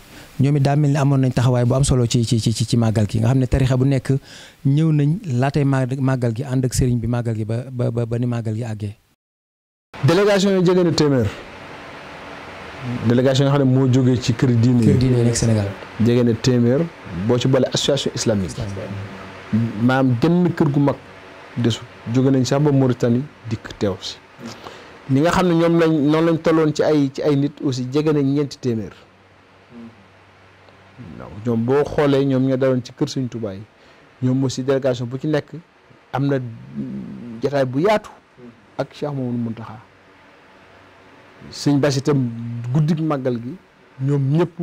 ñoom it daa mel ni amoon nañ taxawaay bu am solo ci ci ci ci màggal gi nga xam ne tarixa bu nekk ñëw nañ laatay màggal gi ànd ak sëriñ bi màggal gi ba ba ba ni màggal gi àggee. délégation yi jege téeméer délégation yoo xam ne moo jógee ci kër diine kër diine nekk téeméer boo ci boole association islamique. maanaam genn kër gu mag desul jóge nañ sax ba Mauritanie dikk teew si. ñi nga xam ne ñoom lañ noonu lañ tolloon ci ay ci ay nit aussi jege nañ ñeenti téeméer. ñoom boo xoolee ñoom ñoo daloon ci kër Sëñ Tuubaa yi ñoom aussi bu ci nekk am na jataay bu yaatu ak Cheikh Mamadou Mountakha sëñ Bass itam màggal gi ñoom ñëpp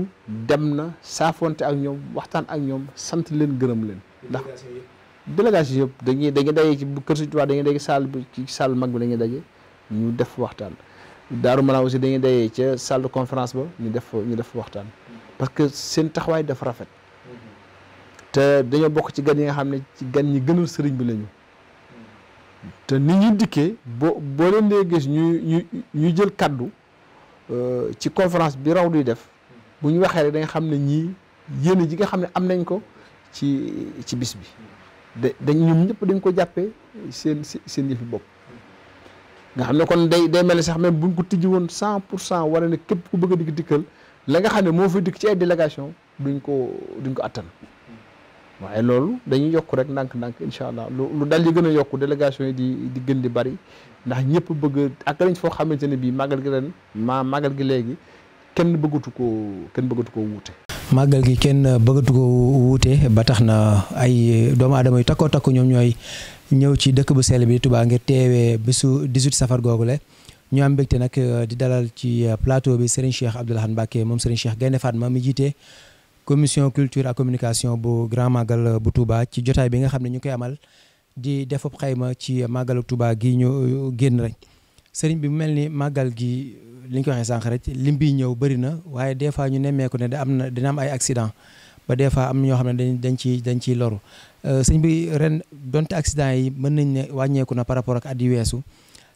dem na saafonte ak ñoom waxtaan ak ñoom sant leen gërëm leen ndax délégation yëpp dañuy dañuy daje ci kër Sëñ Tuubaa dañuy daje saal bi ci saal mag bi dañuy ñu def waxtaan Daaru Manaan aussi dañuy daje ca salle de conférence ba ñu def ñu def waxtaan parce que seen taxawaay dafa rafet te dañoo bokk ci gan yi nga xam ne ci gan ñi gënal sëriñ bi lañu te ni ñuy dikkee boo boo leen dee gis ñu ñu ñu jël kaddu euh, ci conférence bi raw di def bu ñu waxee rek da xam ne ñii yéene ji nga xam ne am nañ ko ci ci bis bi da dañ ñoom ñëpp dañ ko jàppee seen seen yëfi bopp nga xam ne kon day day mel ni sax même buñ ko tijj woon cent pour cent wala ne képp ku bëgg a dikk dikkal la nga xam ne moo fi dikk ci ay délégation duñ ko duñ ko attan waaye loolu dañuy yokk rek ndànk-ndànk incha allah lu lu dal di gën a yokk délégation yi di di gën di bari ndax ñëpp bëgg ak lañ foo xamante ne bii màggal gi ren ma màggal gi léegi kenn bëggatu ko kenn bëggatu koo wuute. màggal gi kenn bëggatu ko wuute ba tax na ay doomu aadama yu takkoo takku ñoom ñooy ñëw ci dëkk bu sell bi Touba ngir teewee bésu 18 safar googule ñu am mbégte nag euh, di dalal ci euh, plateau bi Serigne Cheikh Abdou Lahad Mbacké moom Serigne Cheikh Gaïndé Fatma mi jiite commission culture ak communication bu Grand Magal euh, bu Touba ci jotaay bi nga xam ne ñu koy amal di def xayma ci màggalu Touba gi ñëw génn rek Serigne bi mel ni màggal gi li ñu ko waxee sànq rek lim bi ñëw bëri na waaye des fois ñu nemmeeku ne da am na dina am ay accident ba des fois am ñoo xam ne dañ dañ ciy dañ ciy loru sëñ bi ren donte accident yi mën nañ ne wàññeeku na par rapport ak at weesu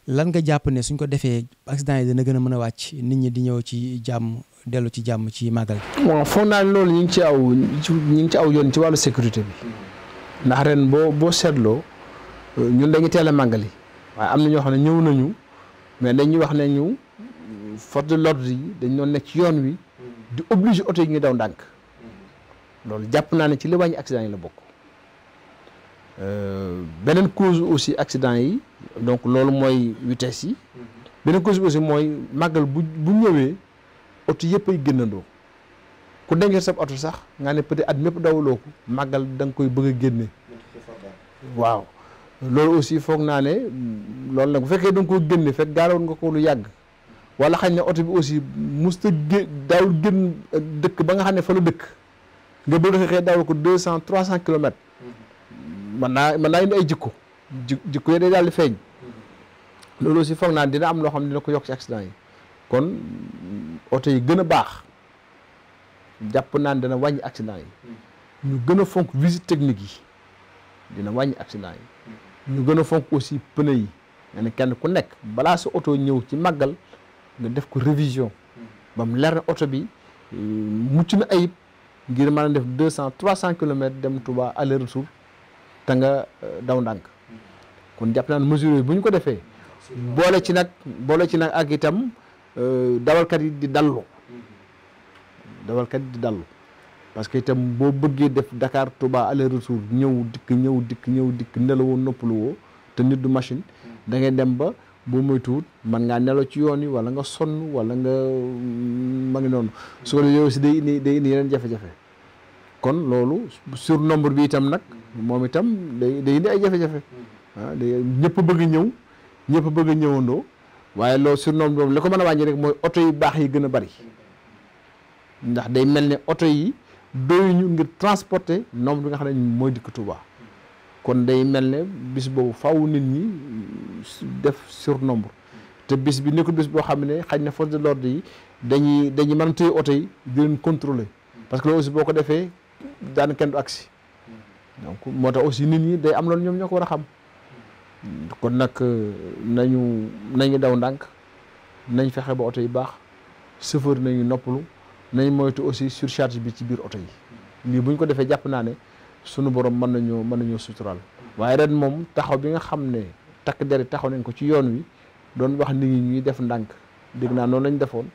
lan nga jàpp ne suñ ko defee accident yi dana gën a mën a wàcc nit ñi di ñëw ci jàmm dellu ci jàmm ci màggal gi. waaw naa ne loolu ñu ngi ci aw ñu ngi ci aw yoon ci wàllu sécurité bi ndax ren boo boo seetloo ñun dañuy teel a màggali waaye am na ñoo xam ne ñëw nañu mais dañuy wax ne ñu force de l'ordre yi dañ doon nekk ci yoon wi di obligé oto yi ñu daw ndànk loolu jàpp naa ne ci li wàññi accident yi la bokk euh, beneen cause aussi accident yi. donc loolu mooy vitesse yi. beneen cause bi mooy màggal bu bu ñëwee oto yëpp ay génnandoo ku denc sa oto sax nga ne peut-être at mépp dawuloo ko màggal da nga koy bëgg a génne. waaw loolu aussi foog naa ne loolu nag bu fekkee da nga koo génne nga ko lu yàgg. wala xañ na oto bi aussi musta gé daawul génn dëkk ba nga xam ne fa la dëkk nga bëgg a xëy dawal ko deux cent trois cent kilomètres. man mm-hmm. naa mën naa indi ay jikko. ji jikko yi day daal di feeñ loolu aussi foog naa dina am loo xam ne dina ko yokk ci accident yi kon oto yi gën a baax jàpp naan dana wàññi accident yi ñu gën a fonk visite technique yi dina wàññi accident yi ñu gën a fonk aussi pneu yi nga ne kenn ku nekk balaa si oto ñëw ci màggal nga def ko révision ba mu leer na oto bi euh, mucc na ayib ngir man a def deux cent trois cent kilomètres dem Touba aller retour te nga euh, daw ndànk kon jàpp naan mesure yi bu ñu ko defee boole ci nag boole ci nag ak itam euh, dawalkat yi di dallu dawalkat yi di dallu parce que itam boo bëggee def Dakar Touba aller retour ñëw dikk ñëw dikk ñëw dikk nelawoo noppaluwoo te nit du machine da dem ba boo moytuwut mën ngaa nelaw ci yoon yi wala nga sonn wala nga mm, ma ngi noonu su ko si day indi day indi yeneen jafe-jafe kon loolu sur nombre bi itam nag moom itam day day indi ay jafe-jafe ah ñëpp bëgg a ñëw ñëpp bëgg a ñëwandoo waaye loolu surnom boobu li ko mën a wàññi rek mooy oto yu baax yi gën a bari ndax day mel ne auto yi doyuñu ngir transporter nombre bi nga xam ne mooy dikk Touba kon day mel ne bis boobu faaw nit ñi def surnombre te bis bi nekkul bis boo xam ne xaj na force de l'ordre yi dañuy dañuy mën a téye oto yi di leen contrôler parce que loolu aussi boo ko defee daan kenn du agsi donc moo tax aussi nit ñi day am loolu ñoom ñoo ko war a xam. kon nag euh, nañu nañu daw ndànk nañ fexe ba oto yi baax chauffeur nañu noppalu nañ moytu aussi surcharge bi ci biir oto yi lii buñ ko defee jàpp naa ne sunu borom mën nañoo mën nañoo suturaal waaye ren moom taxaw bi nga xam ne takk deri taxaw nañ ko ci yoon wi doon wax nit ñi ñuy def ndànk dégg naa noonu lañ defoon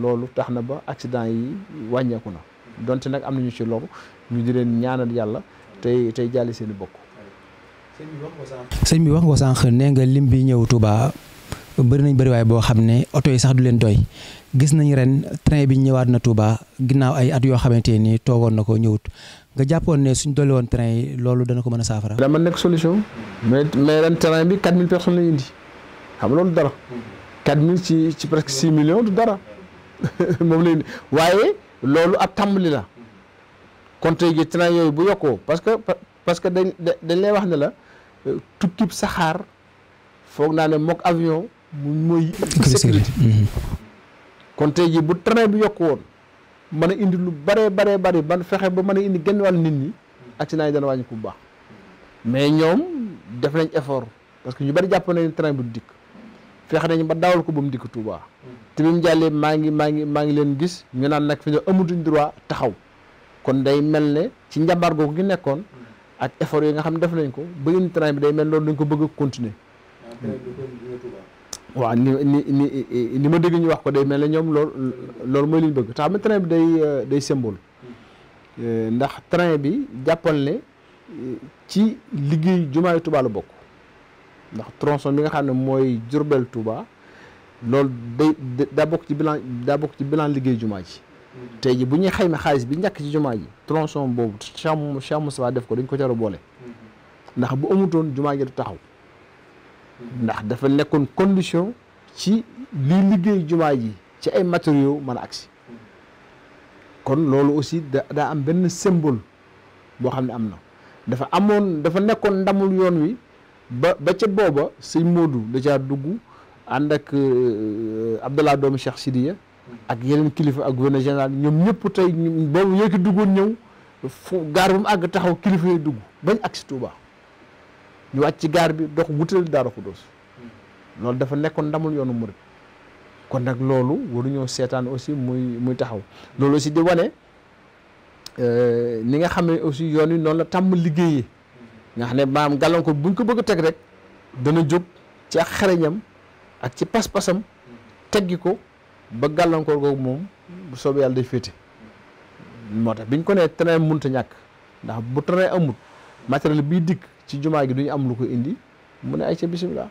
loolu tax na ba accident yi wàññeeku na donte nag am nañu ci loru ñu di leen ñaanal yàlla tey tey jàlli seen i bokk sëñ bi wax nga sànq nee nga lim bi ñëw Touba bëri nañ bëriwaay boo xam ne oto yi sax du leen doy gis nañ ren train bi ñëwaat na Touba ginnaaw ay at yoo xamante nii toogoon na ko ñëwut nga jàppoon ne suñ doole woon train yi loolu dana ko mën a saafara. dama nekk solution mais ren train bi 4000 personnes la ñu indi xam nga loolu dara 4000 ci ci presque 6 millions du dara moom la indi waaye loolu ab tàmbali la kon tey jii train yooyu bu yokkoo parce que parce que dañ dañ lay wax ne la. tukkib saxaar foog naa ne mook avion mu mooy sécurité mm-hmm. kon te jii bu train bi yokk woon mën a indi lu bare bare bari ban fexe ba mën a indi genn wàll nit ñi accident yi dana wàññi ku baax mais ñoom def nañ effort parce que ñu bari jàpp nañ train bi du dikk fexe nañ ba dawal ko ba mu dikk Touba te bi mu jàllee maa ngi maa ngi maa ngi leen gis ñu naan nag fi ne amatuñ droit taxaw kon day mel ne ci njabar googu gi nekkoon ak effort yi nga xam ne def nañ ko bëgg train bi day mel loolu dañ ko bëgg a continuer. waaw ni ni ni ni ma dégg ñu wax ko day mel ne ñoom loolu loolu mooy li ñu bëgg te xam train bi day day symbole. ndax train bi jàppal ne ci liggéey jumaay Touba la bokk ndax tronçon bi nga xam ne mooy Diourbel Touba loolu day daa bokk ci bilan daa bokk ci bilan liggéey jumaa ji Mm. tey ji bu ñuy xayma xaalis bi ñàkk ci jumaa ji tronçon boobu cham cham Moustapha def ko dañ ko jar a boole mm-hmm. ndax bu amutoon jumaa ji du taxaw mm-hmm. ndax dafa nekkoon condition ci li liggéey jumaa ji ci ay matériaux mën a agsi mm-hmm. kon loolu aussi da daa am benn symbole boo xam ne am na dafa amoon dafa nekkoon ndamul yoon wi ba ba ca booba sëñ Modou da caa dugg ànd ak euh, Abdallah doomu Cheikh Sidiya ak yeneen kilifa ak gouverneur général ñoom ñëpp tey boobu yéeki duggoon ñëw fu gaar bu mu àgg taxaw kilifa yi dugg bañ ak si Touba ñu wàcc ci gaar bi dox wutal Daaru Xudoos loolu dafa nekkoon ndamul yoonu murit kon nag loolu waruñoo seetaan aussi muy muy taxaw loolu aussi di wane euh, ni nga xam ne aussi yoon yi noonu la tàmm liggéeyee nga xam ne maam gàllankoor buñ ko bëgg a teg rek dana jóg ci ak xereñam ak ci pas-pasam teggi ko ba gàllankoor googu moom bu soobee yàlla day féete moo tax biñ ko nee train mënut a ñàkk ndax bu train amut matériel bii dikk ci jumaa gi duñu am lu ko indi mu ne ay ca bisimilah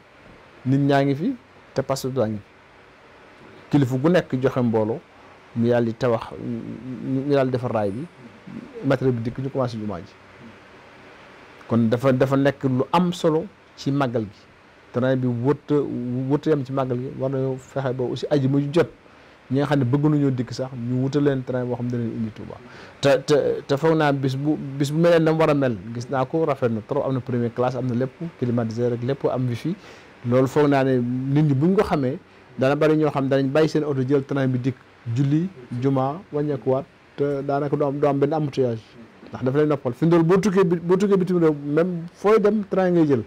nit ñaa ngi fi te pastu daa ngi fi kilifa gu nekk joxe mbooloo ñu yàlla di tabax ñu yàlla defar raay bi matériel bi dikk ñu commencé jumaa ji kon dafa dafa nekk lu am solo ci màggal gi train bi wërta wërta yam ci màggal gi war nañoo fexe ba aussi aji muy jot ñi nga xam ne bëgg nañoo dikk sax ñu wutal leen train boo xam ne leen indi Touba te te te foog naa bis bu bis bu meleen dama war a mel gis naa ko rafet na trop am na première classe am na lépp climatisé rek lépp am wifi loolu foog naa ne nit ñi buñ ko xamee dana bari ñoo xam danañ bay seen oto jël train bi dikk julli juma wàññeekuwaat te daanaka du am du am benn ndax dafa lay noppal fi mu doon boo tukkee boo tukkee bitim réew même fooy dem train ngay jël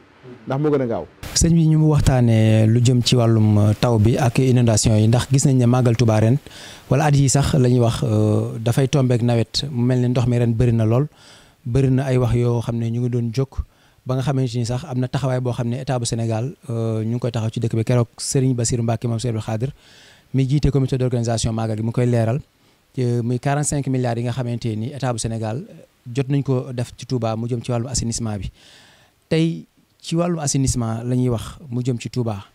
ndax moo gën a gaaw sëñ bi ñu mu waxtaanee lu jëm ci wàllum euh, taw bi ak inondation yi ndax gis nañ ne màggal Tuubaa ren wala at yi sax la ñuy wax euh, dafay tombeek nawet mu mel ne ndox mi ren bëri na lool bëri na ay wax yoo xam ne ñu ngi doon jóg ba nga xamante ni sax am na taxawaay boo xam ne état bu Sénégal euh, ñu ngi koy taxaw ci dëkk bi keroog Serigne Bassirou Mbacké moom Serigne Khadir mi jiite comité d'organisation màggal gi mu koy leeral muy 45 milliards yi nga xamante ni état bu Sénégal jot nañ ko def ci Touba mu jëm ci wàllum assainissement bi ci wàllum assainissement la ñuy wax mu jëm ci Touba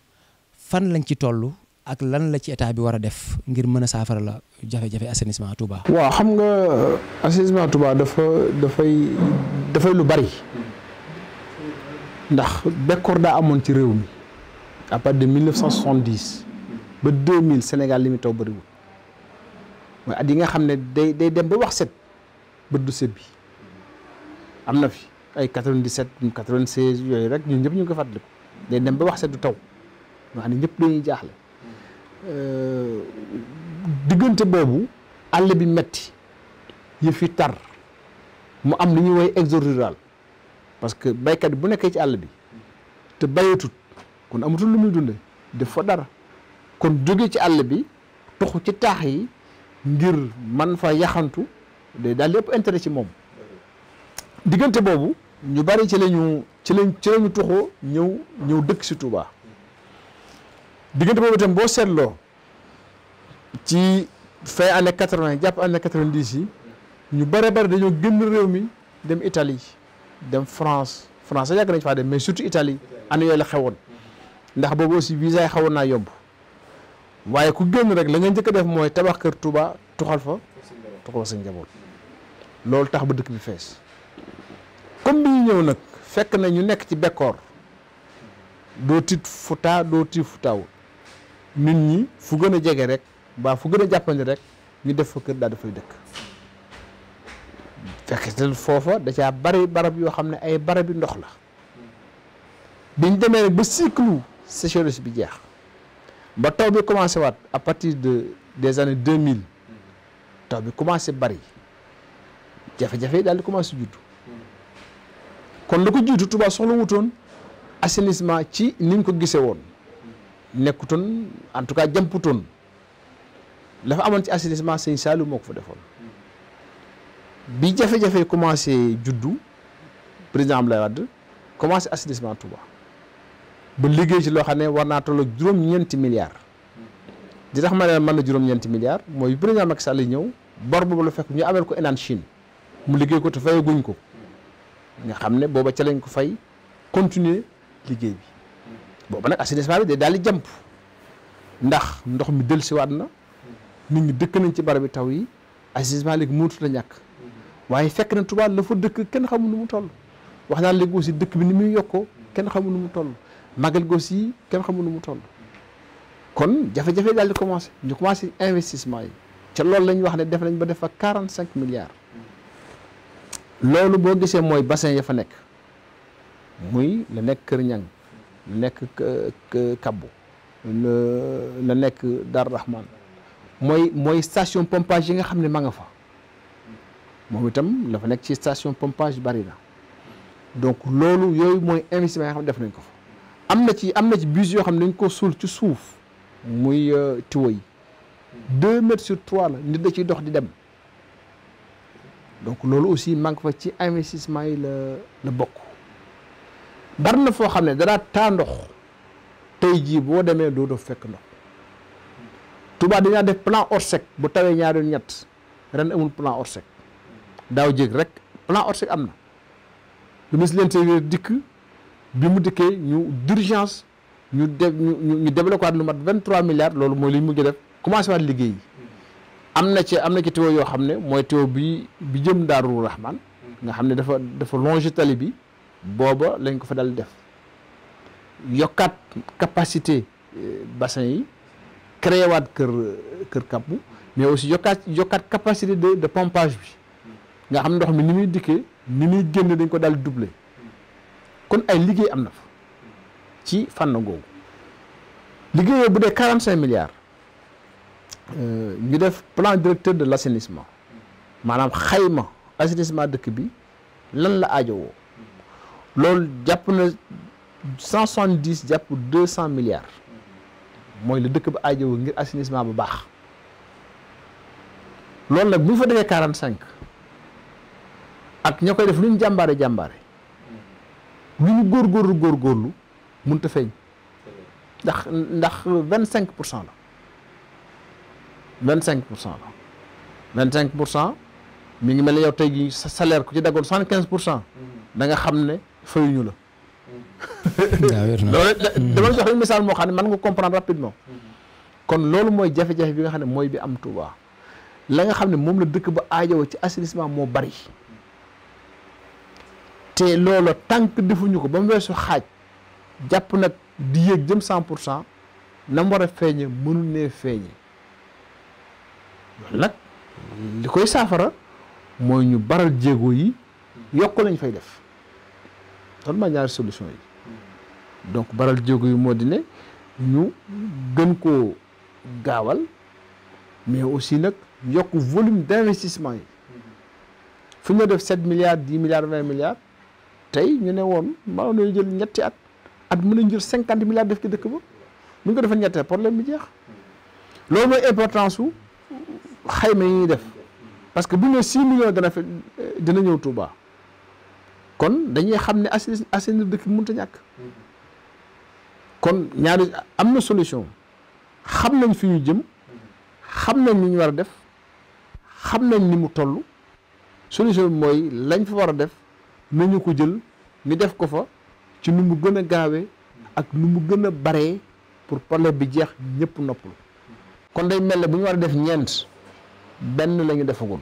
fan lañ ci tollu ak lan la ci état bi war a def ngir mën a saafara la jafe-jafe assainissement Touba. waaw xam nga assainissement Touba dafa dafay dafay lu bari ndax bekkoor daa amoon ci réew mi à partir de 1970 ba 2000 Sénégal li mu taw bëriwul mooy at yi nga xam ne day day dem ba wax set bët du set bi am na fi. ay 97 96 yooyu rek ñun ñëpp ñu ngi ko fàttaliku. day dem ba wax set du taw nga xam ne ñëpp dañuy jaaxle euh, diggante boobu àll bi metti yëf yi tar mu am li ñuy woy exode rural parce que baykat bu nekkee ci àll bi te bayatut kon amatul lu muy dunde def fa dara kon jóge ci àll bi toxu ci taax yi ngir man fa yaxantu day daal yëpp intérêt ci moom diggante boobu ñu bari ci lañu ci lañ ci lañu tuxoo ñëw ñëw dëkk si Touba diggante boobu itam boo seetloo ci fin anne quatre jàpp année quatre vingt dix yi ñu bare bare dañoo génn réew mi dem Italie dem France France yàgg nañ faa dem mais surtout Italie année yooyu la xewoon ndax boobu aussi visa yi xawoon naa yomb waaye ku génn rek la nga njëkk a def mooy tabax kër Touba tuxal fa tuxal sa njaboot loolu tax ba dëkk bi fees. comme bi ñu ñëw nag fekk na ñu nekk ci bekkoor doo tit fu taa doo tiit fu taawul nit ñi fu gën a jege rek mbaa fu gën a jàppandi rek ñu def fa kër daal dafay dëkk fekkital foofa da caa bari barab yoo xam ne ay barabi ndox la biñ demee ba cycle sécheresse bi jeex ba taw bi commencé waat à partir de des années deux mille taw bi commencé bari jafe-jafe yi daal di commencé juddu kon la ko jiitu Touba soxla wutoon assainissement ci niñ ko gisee woon nekkutoon en tout cas jàmputoon dafa amoon ci assainissement sëñ Saliou moo ko fa defoon bi jafe-jafe commencé juddu président Abdoulaye Wade commencé assainissement Touba ba liggéey ci loo xam ne war naa toll juróom-ñeenti milliards di tax ma ne mën na juróom-ñeenti milliards mooy président ak Sall ñëw bor boobu la fekk ñu amel ko Enan Chine mu liggéey ko te fayaguñ ko. nga xam ne booba ca lañ ko fay continuer liggéey bi booba nag assainissement bi de daal di jàmp ndax ndox mi dellusiwaat na nit ñi dëkk nañ ci barab bi taw yi assainissement léegi mënatu la ñàkk waaye fekk na Tuubaa la fa dëkk kenn xamul nu mu toll wax naa léegi aussi dëkk bi ni muy yokkoo kenn xamul lu mu toll magal gos yi kenn xamul nu mu toll kon jafe-jafe daal di commencé ñu commencé investissement yi ca loolu lañ wax ne def nañ ba def fa quarante cinq milliards loolu boo gisee mooy bassin ya fa nekk muy la nekk Kër Ñang la nekk Kabbu la nekk Dar Rahman mooy mooy station pompage yi nga xam ne ma nga fa moom itam la fa nekk ci station pompage bari na donc loolu yooyu mooy investissement nga xam ne def nañ ko fa am na ci am na ci bus yoo xam ne dañ ko suul ci suuf muy euh, tuyau yi deux mètres sur trois la nit da ciy dox di dem donc loolu aussi manque fa ci investissement yi la la bokk bari na foo xam ne dara taa ndox tey jii boo demee doo doo fekk ndox Touba dañaa def plan Orsec bu tawee ñaari yoon ñett ren amul plan Orsec daaw jéeg rek plan Orsec am na le ministre de l'Intérieur dikk bi mu dikkee ñu dirigence ñu def ñu ñu débloqué waat lu mat vingt trois milliards loolu mooy li ñu mujj def commencé waat liggéey yi am na ci am na ci tuyau yoo xam ne mooy tuyau bi bi jëm Daaru Rahman nga xam ne dafa dafa longe tali bi booba lañ ko fa dal def yokkaat capacité euh, bassin yi créé waat kër kër kàbbu mais aussi yokkaat yokkaat capacité de de pompage bi nga xam ndox mi ni muy dikkee ni muy génn dañ ko daal doublé kon ay liggéey am na fa ci fànn googu liggéey bu dee quarante cinq milliards Euh, ñu def plan directeur de l' assainissement maanaam xayma assainissement dëkk bi lan la aajowoo loolu jàpp na cent soixante dix jàpp deux cent milliards mooy la dëkk ba aajowoo ngir assainissement bu baax loolu nag bu ñu fa defee quarante cinq ak ña koy def lu ñu jàmbaare jàmbaare góor góorlu góor góorlu mun a feeñ ndax ndax vingt cinq pour cent la. vingt cinq pour cent la vingt cinq pour cent mi ngi mel ne tey jii sa salaire ku ci daggoon soixante quinze pour cent da nga xam ne fayuñu la. loolu mm. dama la jox rek misaal moo xam ne mën nga comprendre rapidement. Mm-hmm. kon loolu mooy jafe bi nga xam ne mooy bi am Touba la nga xam ne moom la dëkk ba aajowoo ci assainissement moo bari te loolu tànk defuñu ko ba mu weesu xaaj jàpp nag di yéeg jëm cent pour cent na mu war a feeñe mënul nee feeñe loolu nag li koy saafara mooy ñu baral jéego yi yokk lañ fay def loolu ma ñaari solution yi donc baral jéego yi moo di ne ñu gën koo gaawal mais aussi nag yokk volume d'investissement yi fu ñu def sept milliards dix milliards vingt milliards tey ñu ne woon maa jël ñetti at at mu nañu jël cinquante milliards def ci dëkk ba mu ñu ko defee ñetti problème bi jeex loolu mooy importance su xayma yi ñuy def parce que bu ñu nee 6 dana fi dina ñëw Touba kon dañuy xam ne assi assainir dëkk bi mënut a ñàkk kon ñaari am na solution xam nañ fi ñu jëm xam nañ ni ñu war a def xam nañ ni mu toll solution bi mooy lañ fa war a def nañu ko jël ñu def ko fa ci nu mu gën a gaawe ak nu mu gën a baree pour problème bi jeex ñëpp noppalu kon day mel ne bu ñu war a def ñeent. benn la ñu defagul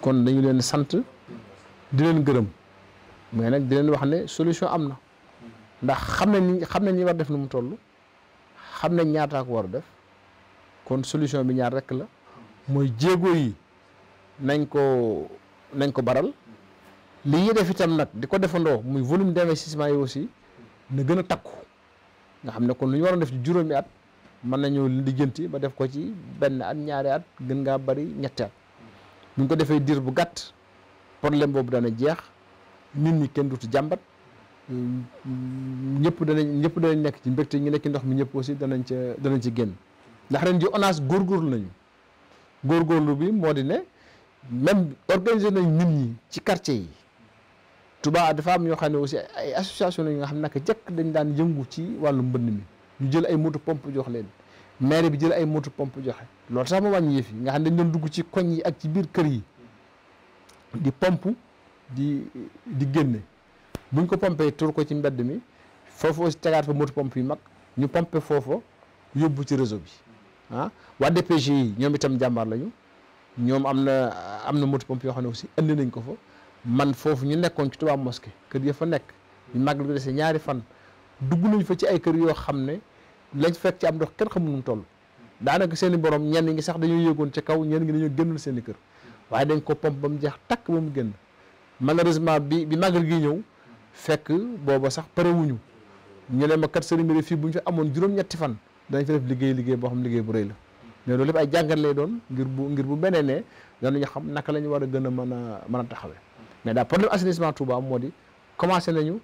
kon dañu leen sant di leen gërëm mais nag di leen wax ne solution am na ndax xam nañ ni xam nañ ñi war def nu mu tollu xam nañ ñaataa ko war a def kon solution bi ñaar rek la mooy jéego yi nañ ko nañ ko baral li ñuy def itam nag di ko defandoo muy volume d'investissement yi aussi na gën a takku nga xam ne kon lu ñu waroon def ci juróomi at. mën nañu lijjanti ba def ko ci benn at ñaare at gën ngaa bari ñetti at bu ko defee diir bu gàtt problème boobu dana jeex nit ñi kenn dutu jàmbat ñëpp danañ ñëpp danañ nekk ci mbégte ñu nekk ci ndox mi ñëpp aussi danañ ca danañ ci génn ndax ren ji ONAS góor nañu góorgóorlu bi moo di ne même organiser nañ nit ñi ci quartier yi tubaab dafa am ñoo xam ne aussi ay association lañu nga xam naka jëkk dañ daan yëngu ci wàllu mbënn mi ñu jël ay moto pompe jox leen maire bi jël ay moto pompe joxe lool sax ma wàññi yëf yi nga xam ne dañ doon dugg ci koñ yi ak ci biir kër yi di pomp di di génne buñ ko pompee tur ko ci mbedd mi foofu aussi tegaat fa moto pompe yu mag ñu pompe foofa yóbbu ci réseau bi ah waa DPG yi ñoom itam jàmbaar lañu ñoom am na am na moto pompe yoo xam ne aussi indi nañ ko fa man foofu ñu nekkoon ci Touba moske kër ya fa nekk ñu mag lu dese ñaari fan. dugg nañu fa ci ay kër yoo xam ne lañ fekk ci am ndox kenn xamul nu mu toll daanaka seen i borom ñenn ngi sax dañoo yéegoon ci kaw ñenn ngi dañoo génnul seen i kër waaye dañ ko pompe ba mu jeex takk ba mu génn malheureusement bi bi magal gi ñëw fekk booba sax parewuñu ñu ne ma kat sëriñ bi fii bu ñu fi amoon juróom-ñetti fan dañ fi def liggéey liggéey boo xam liggéey bu rëy la mais loolu lépp ay jàngat lay doon ngir bu ngir bu benee ne danañu xam naka la ñu war a gën a mën a mën a taxawee mais daal problème assainissement Touba moo di commencé nañu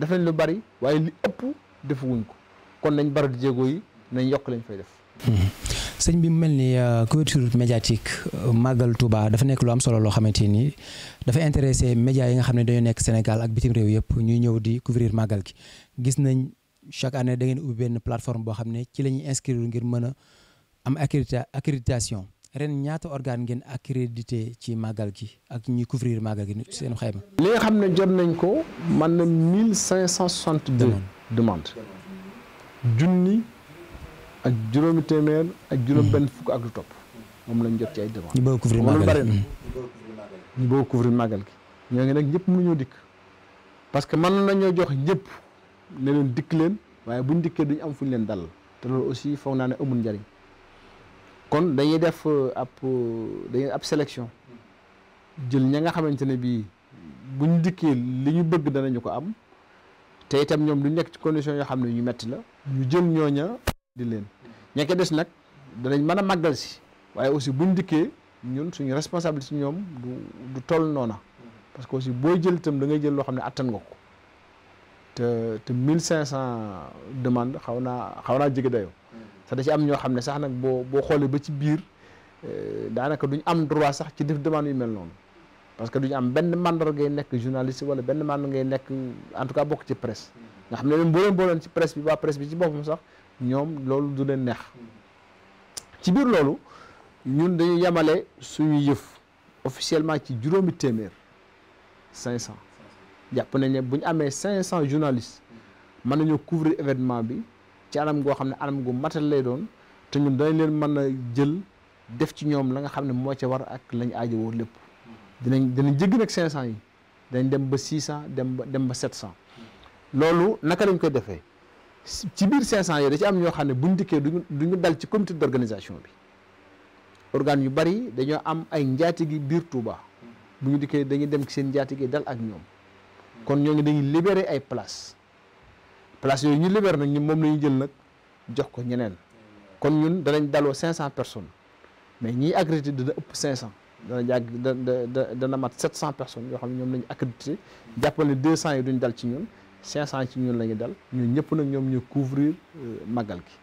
def nañ lu bari waaye li ëpp defuwuñ ko kon nañ bari jéego yi nañ yokk lañ fay def. sëñ bi mu mel ni euh, couverture médiatique euh, màggal Touba dafa nekk lu am solo loo xamante nii dafa intéressé média yi nga xam ne dañoo nekk Sénégal ak bitim réew yëpp ñuy ñëw di couvrir màggal gi gis nañ chaque année da ngeen ubbi benn plateforme boo xam ne ci la ñuy inscrire ngir mën a am accréditation. ren ñaata organe ngeen accrédité ci màggal gi ak ñuy couvrir màggal gi seen xayma. li nga xam ne jot nañ ko man na mille cinq cent soixante deux demandes junni ak juróomi téeméer ak juróom benn hmm. fukk ak lu topp moom lañ jot ci ay demandes. ñu bëgg a couvrir màggal gi ñu bëgg a couvrir màggal gi ñoo nag ñëpp mënuñoo dikk parce que mën ñoo jox ñëpp ne leen dikk leen waaye buñ dikkee duñ am fuñ leen dalal te loolu aussi foog naa ne amul njariñ kon dañuy def euh, ab euh, dañuy ab sélection jël ña nga xamante ne bii buñ dikkee li ñu bëgg danañu ko am te itam ñoom du nekk ci condition yoo xam ne ñu metti la ñu jël ña di leen ñekke des nag danañ mën a màggal si waaye aussi buñ dikkee ñun suñu responsabilité si ñoom du toll noona parce que aussi boo jël itam da ngay jël loo xam ne attan nga ko te te mille cinq cent demande xaw naa xaw naa jege dayoo te da ci am ñoo xam ne sax nag boo boo xoolee ba ci biir euh, daanaka duñ am droit sax ci def demande yu mel noonu parce que duñ am benn mandor ngay nekk journaliste wala benn mandor ngay nekk en tout cas bokk ci presse nga xam ne leen boo leen booleen ci presse bi waa presse bi ci boppam sax ñoom loolu du leen neex ci biir loolu ñun dañu yemale suñu yëf officiellement ci juróomi téeméer cinq cent jàpp nañ ne bu amee cinq cent journalistes mën nañoo couvrir événement bi ci anam goo xam ne anam gu matal lay doon te ñun danañ leen mën a jël def ci ñoom la nga xam ne moo ci war ak lañ aajowoo lépp dinañ dinañ jéggi nag 500 yi dañ dem ba 600 dem ba dem ba 700 loolu naka lañ koy defee ci biir 500 yooyu da ci am ñoo xam ne bu ñu dikkee duñu duñu dal ci comité d'organisation bi organes yu bari dañoo am ay njaatige biir Touba bu ñu dikkee dañuy dem ci seen njaatige dal ak ñoom kon ñoo ngi dañuy libérer ay place place yooyu ñu libéré nag ñu moom la jël nag jox ko ñeneen kon ñun danañ daloo cinq cent personnes mais ñiy accrédité dina ëpp cinq cent dana jàgg da dana mat sept cent personnes yoo xam ne ñoom la ñu accrédité jàppal ne deux cent yi duñ dal ci ñun cinq cent ci ñun lañu dal ñun ñëpp nag ñoom ñu couvrir euh, màggal gi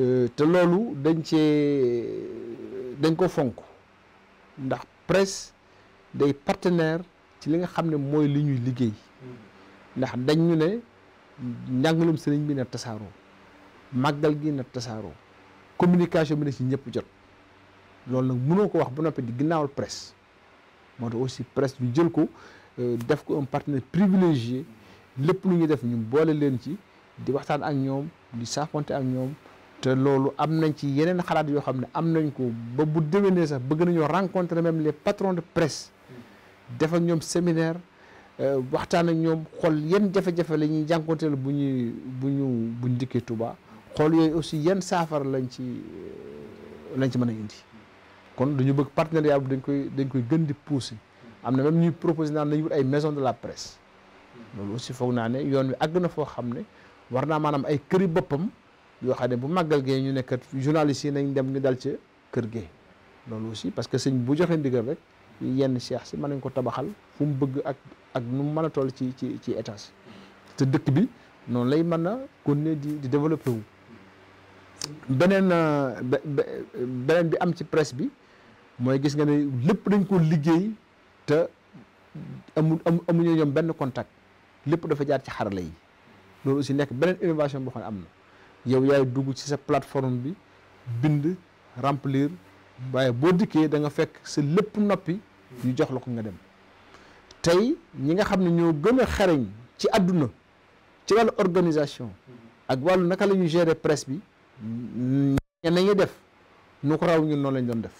euh, te loolu dañ cee dañ ko fonk ndax presse day partenaire ci li nga xam ne mooy li ñuy liggéey ndax dañ ne njàngalum senañ bi na tasaaroo màggal gi na tasaaroo communication bi na ci ñëpp jot loolu nag mënoo ko wax ba noppee di ginnaawal presse moo tax aussi presse bi jël ko euh, def ko un partenaire privilégié lépp lu ñu def ñu boole leen ci di waxtaan ak ñoom di saafonte ak ñoom te loolu am nañ ci yeneen xalaat yoo xam ne am nañ ko ba bu déwénee sax bëgg nañoo rencontrer même les patrons de presse def ñoom séminaire Euh, waxtaan ak ñoom xool yan jafe-jafe la ñuy jànkuwanteel bu ñuy bu ñu bu dikkee Touba xool yooyu aussi yan saafara lañ ci euh, lañ ci mën a indi kon dañu bëgg partenariat bi dañ koy dañ koy gën di pousser am na même ñuy proposé naa nañu wut ay maison de la presse loolu aussi foog naa ne yoon wi àgg na foo xam ne war naa maanaam ay këri boppam yoo xam ne bu màggal gee ñu nekkat journalistes yi nañ dem ñu dal ca kër gee loolu aussi parce que sëñ bu joxe ndigal rek. yenn cheikh si mën nañ ko tabaxal fu mu bëgg ak ak nu mën a toll ci ci ci étage te dëkk bi noonu lay mën a continuer di di développer wu. beneen beneen bi am ci presse bi mooy gis nga ne lépp dañ ko liggéey te amu amuñu ñoom benn contact lépp dafa jaar ci xarala yi loolu aussi nekk beneen innovation boo xam ne am na yow yaay dugg ci sa plateforme bi bind remplir waaye boo dikkee danga fekk sa lépp noppi ñu jox la ko nga dem tey ñi nga xam ne ñoo gën a ci àdduna ci wàllu organisation ak wàllu naka la ñuy gérer presse bi ña nañu def nu ko raw ñun noonu lañ doon def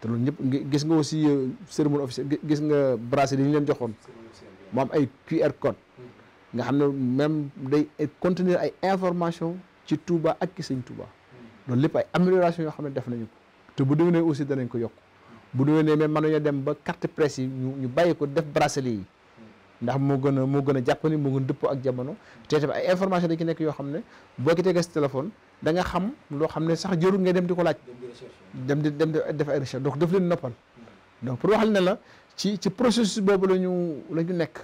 te loolu ñëpp gis nga aussi euh, cérémonie officielle gis nga bracelet ñu leen joxoon mu am ay QR code nga xam ne même day contenir ay information ci Touba ak ki sëñ Touba loolu lépp ay amélioration yoo xam ne def nañu ko te bu déwénee aussi danañ ko yokk bu déwénee mais mënuñu dem ba carte presse yi ñu bàyyi ko def bracelet yi ndax moo gën a moo gën a jàppandi moo gën dëppoo ak jamono te tamit ay information dañ ci nekk yoo xam ne boo ko tegee sa téléphone xam loo xam ne sax jarul ngay dem di ko laaj dem di dem def ay recherche donc daf leen noppal donc pour waxal ne la ci ci processus boobu la ñu la ñu nekk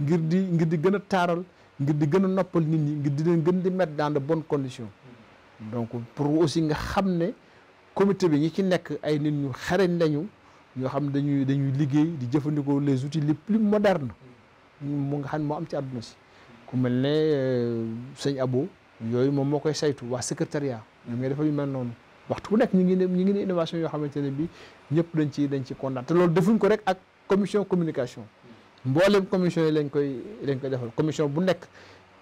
ngir di ngir di gën a taaral ngir di gën a noppal nit ñi ngir di leen gën di mettre dans de bonnes conditions hmm. donc pour aussi nga xam ne comité bi ñi ci nekk ay nit ñu xarañ lañu ñoo xam dañuy dañuy liggéey di jëfandikoo les outils les plus modernes mu nga xam moo am ci àdduna si mel ne euh, sëñ Abo yooyu moom moo koy saytu waa secrétariat ñoom ngay defal yu mel noonu waxtu bu nekk ñu ngi ne ñu ngi ne innovation yoo xamante ne bi ñëpp dañ ci dañ ci kontaan te loolu defuñ ko rek ak commission communication mboolem commission yi lañ koy lañ koy defal commission bu nekk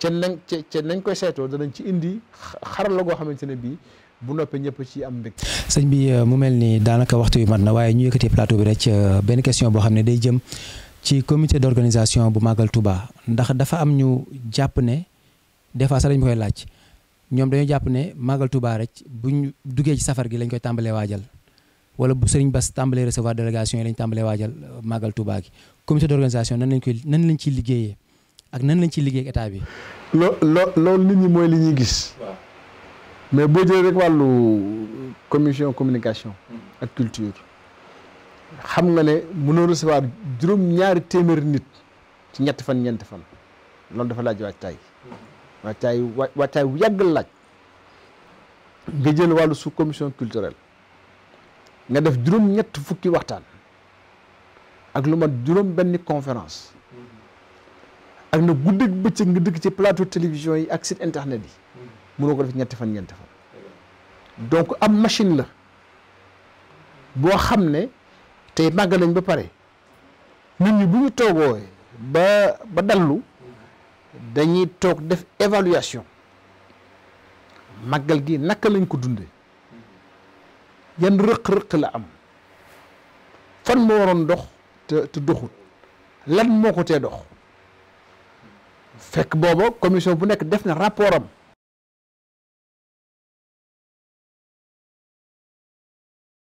ca nañ ca nañ koy saytoo danañ ci indi xarala goo xamante ne bii bu noppee ñëpp ci am mbégte. sëñ bi euh, mu mel ni daanaka waxtu yu mat na waaye ñu yëkkati plateau bi rek euh, benn question boo xam ne day jëm ci comité d'organisation bu Magal Touba ndax dafa am ñu jàpp ne des fois dañ dañu koy laaj ñoom dañoo jàpp ne Magal Touba rek bu ñu duggee ci safar gi lañ koy tàmbalee waajal wala bu Serigne Bass tàmbalee recevoir délégation yi lañ tàmbalee waajal euh, Magal Touba gi comité d'organisation nan lañ koy nan lañ ciy liggéeyee ak nan lañ ciy liggéey ak état bi. mais boo jëlee wàllu commission communication. ak culture. xam nga ne mënoo recevoir juróom ñaari téeméeri nit ci ñetti fan ñeenti fan loolu dafa laaj wàccaay wàccaay wàccaay wu yàgg laaj nga jël wàllu su commission culturelle nga def juróom ñett fukki waxtaan ak lu mat juróom benn conférence ak na guddeeg bëccëg nga dëkk ci plateau télévision yi ak site internet yi mënoo ko def ñetti fan ñeenti fan donc am machine la boo xam ne tey màggal lañ ba pare nit ñi bu ñu toogoo ba dallu dañuy toog def évaluation màggal gi naka lañ ko dunde yan rëq-rëq la am fan moo waroon dox te te doxut lan moo ko tee dox fekk booba commission bu nekk def na rapportam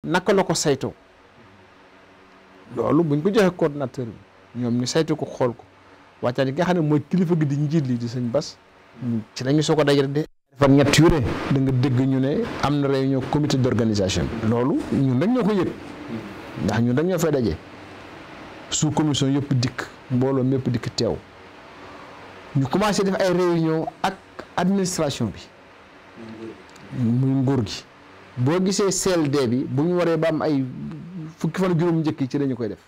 naka la ko saytoo loolu buñ ko joxee coordonnateur bi ñoom ñu saytu ko xool ko waxtaan yi nga xam ne mooy kilifa gi di njiit lii di sëñ Bas ci lañu soo ko dajale de fan ñett yu ne da nga dégg ñu ne am na réunion comité d'organisation loolu ñun rek ñoo ko yëg ndax ñun rek ñoo fay daje sous commission yëpp dikk mbooloo mépp dikk teew ñu commencé def ay réunion ak administration bi muy nguur gi boo gisee CLD bi bu ñu waree ba am ay fukki fan juróom njëkk yi ci lañu koy def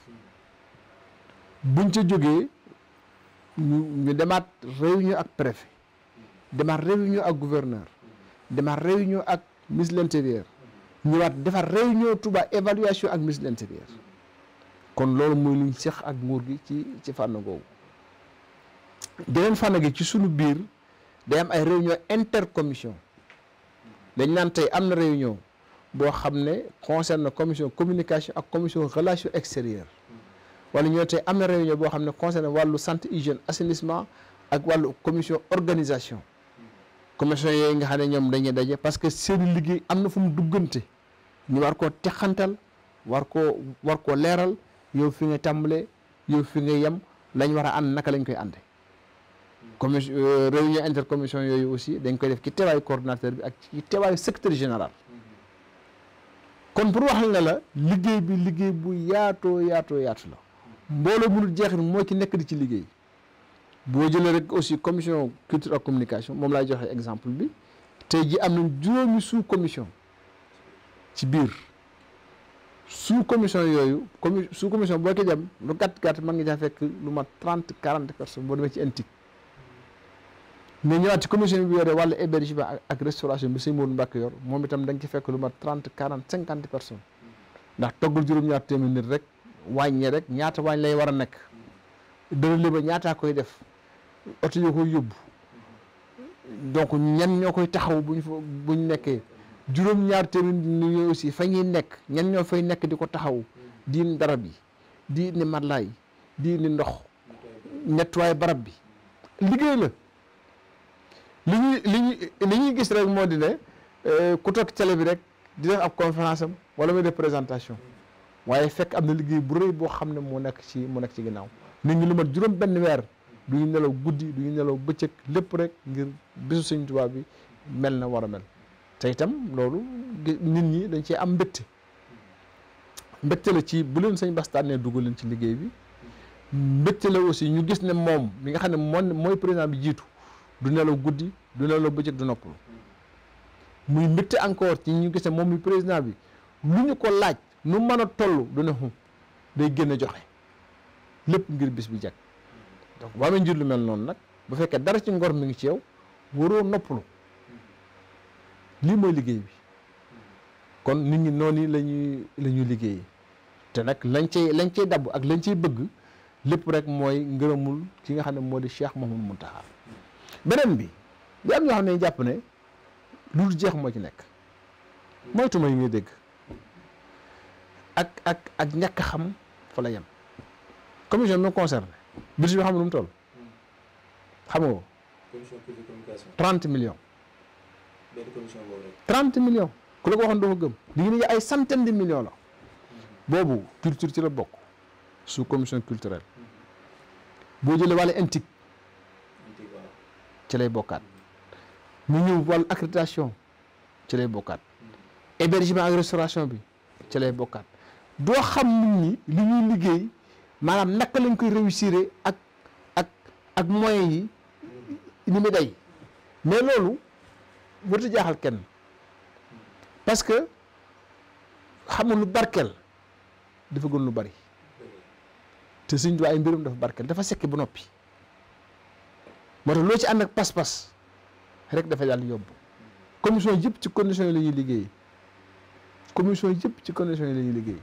buñ ca jógee ñu demaat réunion ak préfet demaat réunion ak gouverneur demaat réunion ak ministre de l'intérieur ñëwaat defar réunion tubaab évaluation ak ministre de l'intérieur kon loolu mooy luñ seq ak nguur gi ci ci fànn googu geneen fànn gi ci suñu biir day am ay réunion intercommission dañ naan tey am na réunion boo xam ne concerne commission communication ak commission relation extérieure wala ñoo tey am na réunion boo xam ne concerne wàllu santé hygiène assainissement ak wàllu commission organisation commission yooyu nga xam ne ñoom dañuy daje parce que seen liggéey am na fu mu duggante ñu war koo texantal war koo war koo leeral yow fi nga tàmbalee yow fi nga yem lañ war a ànd naka lañ koy ànde commission euh, réunion intercommission yooyu aussi dañ koy def ci teewaayu coordonnateur bi ak ci teewaayu secteur général. kon pour waxal na la liggéey bi liggéey bu yaatoo yaatoo yaatu la. mbooloo jeex jeexit moo ki nekk di ci liggéey. boo jëlee rek aussi commission culture ak communication moom laay joxee exemple bi tey ji am na juróomi sous commission ci biir sous commission yooyu commu sous commission boo ko jëm lu gàtt gàtt mën ngi caa fekk lu mat trente quarante personnes boo ci antique mais ñëwaat ci commission bi yore wàllu hébergement ak restauration bi moo Moodu Mbàkke yor moom itam da nga ci fekk lu mat trente quarante cinquante personnes ndax toggal juróom-ñaar téeméer nit rek wàññi rek ñaata wàññ lay war a nekk dërële ba ñaataa koy def oto yoo koy yóbbu donc ñan ñoo koy taxaw buñ fa buñ nekkee juróom-ñaar téeméer nit ñi aussi fa ñuy nekk ñan ñoo fay nekk di ko taxaw di indi darab yi di indi matelas yi di indi ndox nettoyer barab bi liggéey la li ñuy li ñuy li ñuy gis rek moo di ne euh, ku toog télé bi rek di def ab conférence am wala muy def présentation waaye fekk am na liggéey bu rëy boo xam ne mu nekk ci mu nekk ci ginnaaw nit ñi lu mat juróom benn weer du ñu nelaw guddi du ñu nelaw bëccëg lépp rek ngir bisu Sëñ Tuubaa bi mel na war a mel tey itam loolu nit ñi dañ ci am mbégte mbégte la ci bu leen Sëñ Bass tànnee dugal leen ci liggéey bi mbégte la aussi ñu gis ne moom mi nga xam ne moom mooy président bi jiitu du nelaw guddi du nelaw bëccëg du noppalu muy métti encore ci ñu gisee moom mi président bi lu ñu ko laaj nu mën a toll du ne xum day gën a joxe lépp ngir bis bi jag donc boo amee njiit lu mel noonu nag bu fekkee dara ci ngor mi ngi ci yow waroo noppalu lii mooy liggéey bi kon nit ñi noonu la lañuy la ñuy liggéeyee te nag lañ cay lañ cay dabb ak lañ ciy bëgg lépp rek mooy ngërëmul ki nga xam ne moo di Cheikh Mouhamadou Mountakha beneen bi di am ñoo xam ne jàpp ne lu dul jeex moo ci nekk moytu ma yi ngay dégg ak ak ak ñàkk xam fa la yem commission bi ma concerné budget bi xam nga nu mu toll xam nga ko trente millions trente ku la ko waxoon doo gëm li ngi ay centaine de millions la mm-hmm. boobu culture ci la bokk su commission culturelle mm-hmm. boo jëlee wàllu antique ci lay bokkaat mu ñëw wàllu accréditation ci lay bokkaat hébergement ak restauration bi ci lay bokkaat doo xam nit ñi li ñuy liggéey maanaam naka lañ koy réussir ak ak ak moyens yi ni mu day mais loolu warta jaaxal kenn parce que xam nga lu barkeel dafa gën lu bari te suñ duwaay mbirum dafa barkeel dafa sekki ba noppi moo loo ci ànd ak pas-pas rek dafa yàlla yóbbu commission yëpp ci condition yi la ñuy liggéey commission yëpp ci condition yi la ñuy liggéey.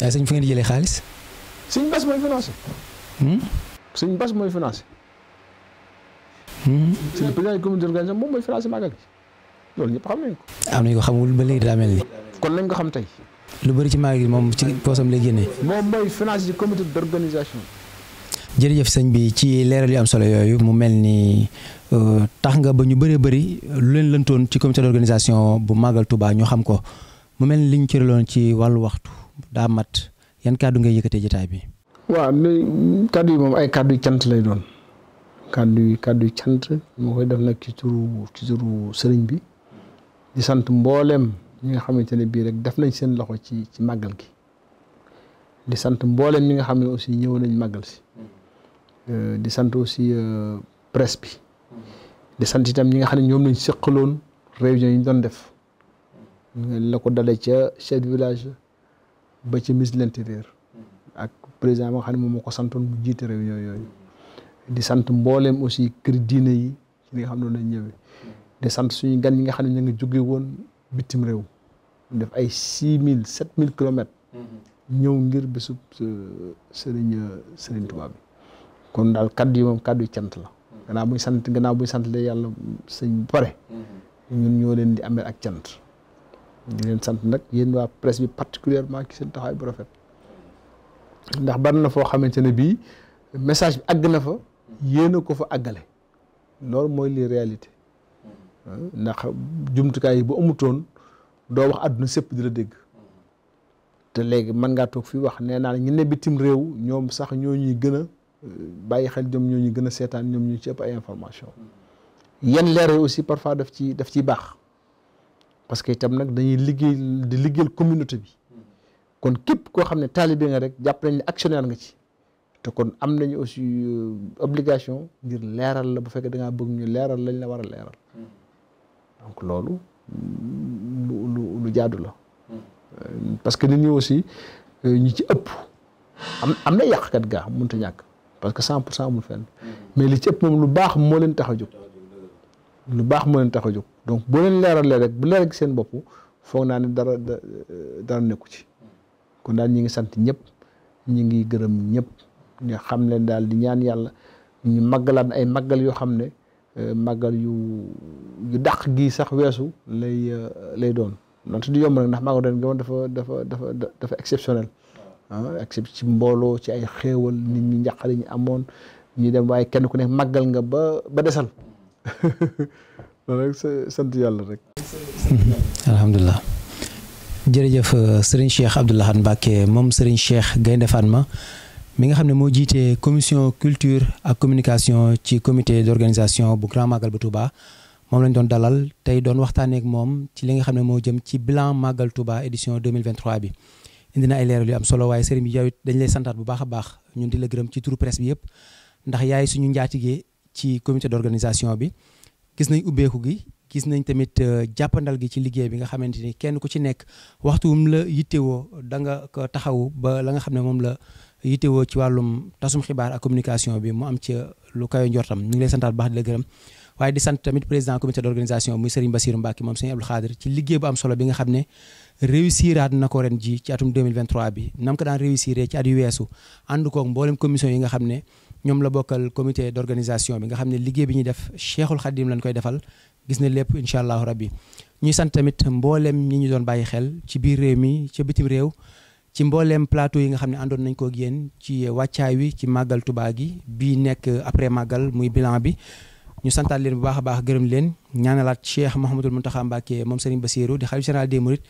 waaye sëñ fu ngeen jële xaalis. suñ bas mooy financé. sëñ bas mooy financé. Hmm? sëñ hmm? le moom mooy financé magal gi loolu ñëpp xam nañ ko. am nañ ko xamul ba léegi daa mel ni. kon nañ ko xam tey. lu bëri ci magal gi moom ci poosam lay génnee. moom mooy financé ci comité d'organisation. jërëjëf sëñ bi ci leeral yu am solo yooyu mu mel ni euh, tax nga ba ñu bëree bëri lu leen lëntoon ci comité d'organisation bu màggal Touba ñu xam ko mu mel ni li ñu ci wàllu waxtu daa mat yan kàddu ngay yëkkatee jotaay bi. waa kàddu yi moom ay kàddu cant lay doon kàddu yi kàddu cant moo koy def nag ci turu ci turu sëriñ bi di sant mbooleem ñi nga xamante ne bii rek def nañ seen loxo ci ci màggal gi di sant mbooleem ñi nga xam ne aussi ñëw nañ màggal si. Euh, di sant aussi euh, presse bi di sant itam ñi nga xam ne ñoom lañ seqaloon réunion yi ñu doon def la ko dalee ca chef village ba ci ministre de l'intérieur ak président ba nga xam ne moom moo ko santoon mu jiite réunion yooyu di sant mboolem aussi kër diine yi ci li nga xam ne noonu lañ ñëwee di sant suñu gan yi nga xam ne ñu ngi jóge woon bitim réew def ay six mille sept mille kilomètres mm-hmm. ñëw ngir bésub euh, sëriñ sëriñ kon daal kaddu yi moom kàddu cant la. gannaaw buñ sant gannaaw buñ sant yàlla sëñ bu pare. ñoo leen di amee ak cant. di leen sant nag yéen waa presse bi particulièrement ci seen taxawaay bu rafet. ndax bari na foo xamante ne bii message bi àgg na fa. yéen a ko fa àggale. loolu mooy li réalité. ndax jumtukaay yi bu amutoon doo wax àdduna sëpp di la dégg. te léegi mën ngaa toog fii wax nee naa ne ñu bitim réew ñoom sax ñoo ñuy gën a. bàyyi xel ñoom ñoo ñu gën a seetaan ñoom ñu ci ëpp information yan leeral aussi parfois daf ci daf ciy baax parce que itam nag dañuy liggéey di liggéeyal communauté bi kon képp koo xam ne taalibe nga rek jàpp nañ ne actionnaire nga ci te kon am nañu aussi euh, obligation ngir leeral la bu fekkee da bëgg ñu leeral lañ la war a leeral donc loolu lu lu lu la euh, parce que nit ñi aussi euh, ñu ci ëpp na yàqkat gaa mënut a ñàkk. parce que cent pour cent amul fenn mais li ci moom lu baax moo leen tax a jóg lu baax moo leen tax a jóg donc boo leen leeralee rek bu leeral gi seen bopp foog naa ne dara dara nekku ci kon daal ñu ngi sant ñëpp ñu ngi gërëm ñëpp ñu xam ne daal di ñaan yàlla ñu màggalaat ay màggal yoo xam ne euh, màggal yu yu dàq gii sax weesu lay euh, lay doon loolu du yomb nag ndax màggal doon dafa dafa dafa dafa exceptionnel Ah, ak ci mbooloo ci ay xéewal nit ñi njàqare ñu amoon ñu dem waaye kenn ku ne màggal nga ba ba desal loolu sant yàlla rek. alhamdulilah. jërëjëf euh, sëriñ Cheikh Abdou Lahad Mbacké moom sëriñ Cheikh Gaynde ma mi nga xam ne moo jiitee commission culture ak communication ci comité d'organisation bu Grand màggal bu tubaa moom lañ doon dalal tey doon waxtaanee ak moom ci li nga xam ne moo jëm ci bilan Magal Touba édition 2023 bi. indi na ay leeral yu am solo waaye sëriñ bi yow dañ lay santaat bu baax a baax ñun di la gërëm ci turu presse bi yëpp ndax yaay suñu njaatigee ci comité d'organisation bi gis nañ ubbeeku gi gis nañ tamit euh, jàppandal gi ci liggéey bi nga xamante ni kenn ku ci nekk waxtu mu la yittewoo da nga ko taxaw ba la xam ne moom la yittewoo ci wàllum tasum xibaar ak communication bi mu am ci lu kayo njortam ñu ngi lay santaat baax di la gërëm waaye di sant tamit moom Serigne Abdou ci liggéey bu am solo bi nga xam ne réussiraat na ko ren ji ci atum 2023 bi nam ko daan réussir ci at yu weesu ànd koog mboolem commission yi nga xam ne ñoom la bokkal comité d'organisation bi nga xam ne liggéey bi ñuy def Cheikhul Khadim lañ koy defal gis na lépp incha allahu rabbi ñuy sant tamit mbooleem ñi ñu doon bàyyi xel ci biir réew mi ci bitim réew ci mbooleem plateau yi nga xam ne àndoon nañ koo ak ci wàccaay wi ci màggal tubaa gi bii nekk après màggal muy bilan bi ñu santaat leen bu baax baax gërëm leen ñaanalaat Cheikh Mouhamadul Mountakha Mbacké moom Serigne Bassirou di xalif général des Mourides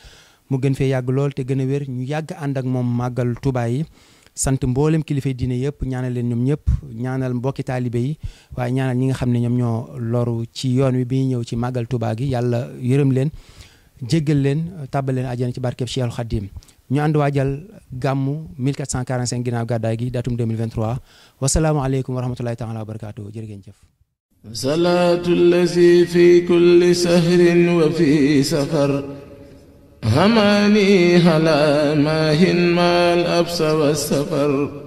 mu gën fee yàgg lool te gën a wér ñu yàgg ànd ak moom màggal Tuubaa yi sant mboolem kilifa diine yëpp ñaanal leen ñoom ñëpp ñaanal mbokki taalibe yi waaye ñaanal ñi nga xam ne ñoom ñoo loru ci yoon wi bi ñu ñëw ci màggal Tuubaa gi yàlla yërëm leen jéggal leen tàbbal leen àjjana ci barkeb Cheikhul Khadim ñu ànd waajal gàmmu 1445 ginnaaw gàddaay gi datum 2023 wasalaamualeykum wa rahmatullahi taala wa barakaatu jërë ngeen jëf salaatu lazi fi kulli sahrin wa fi safar هماني هلا ما هن ما الأبس والسفر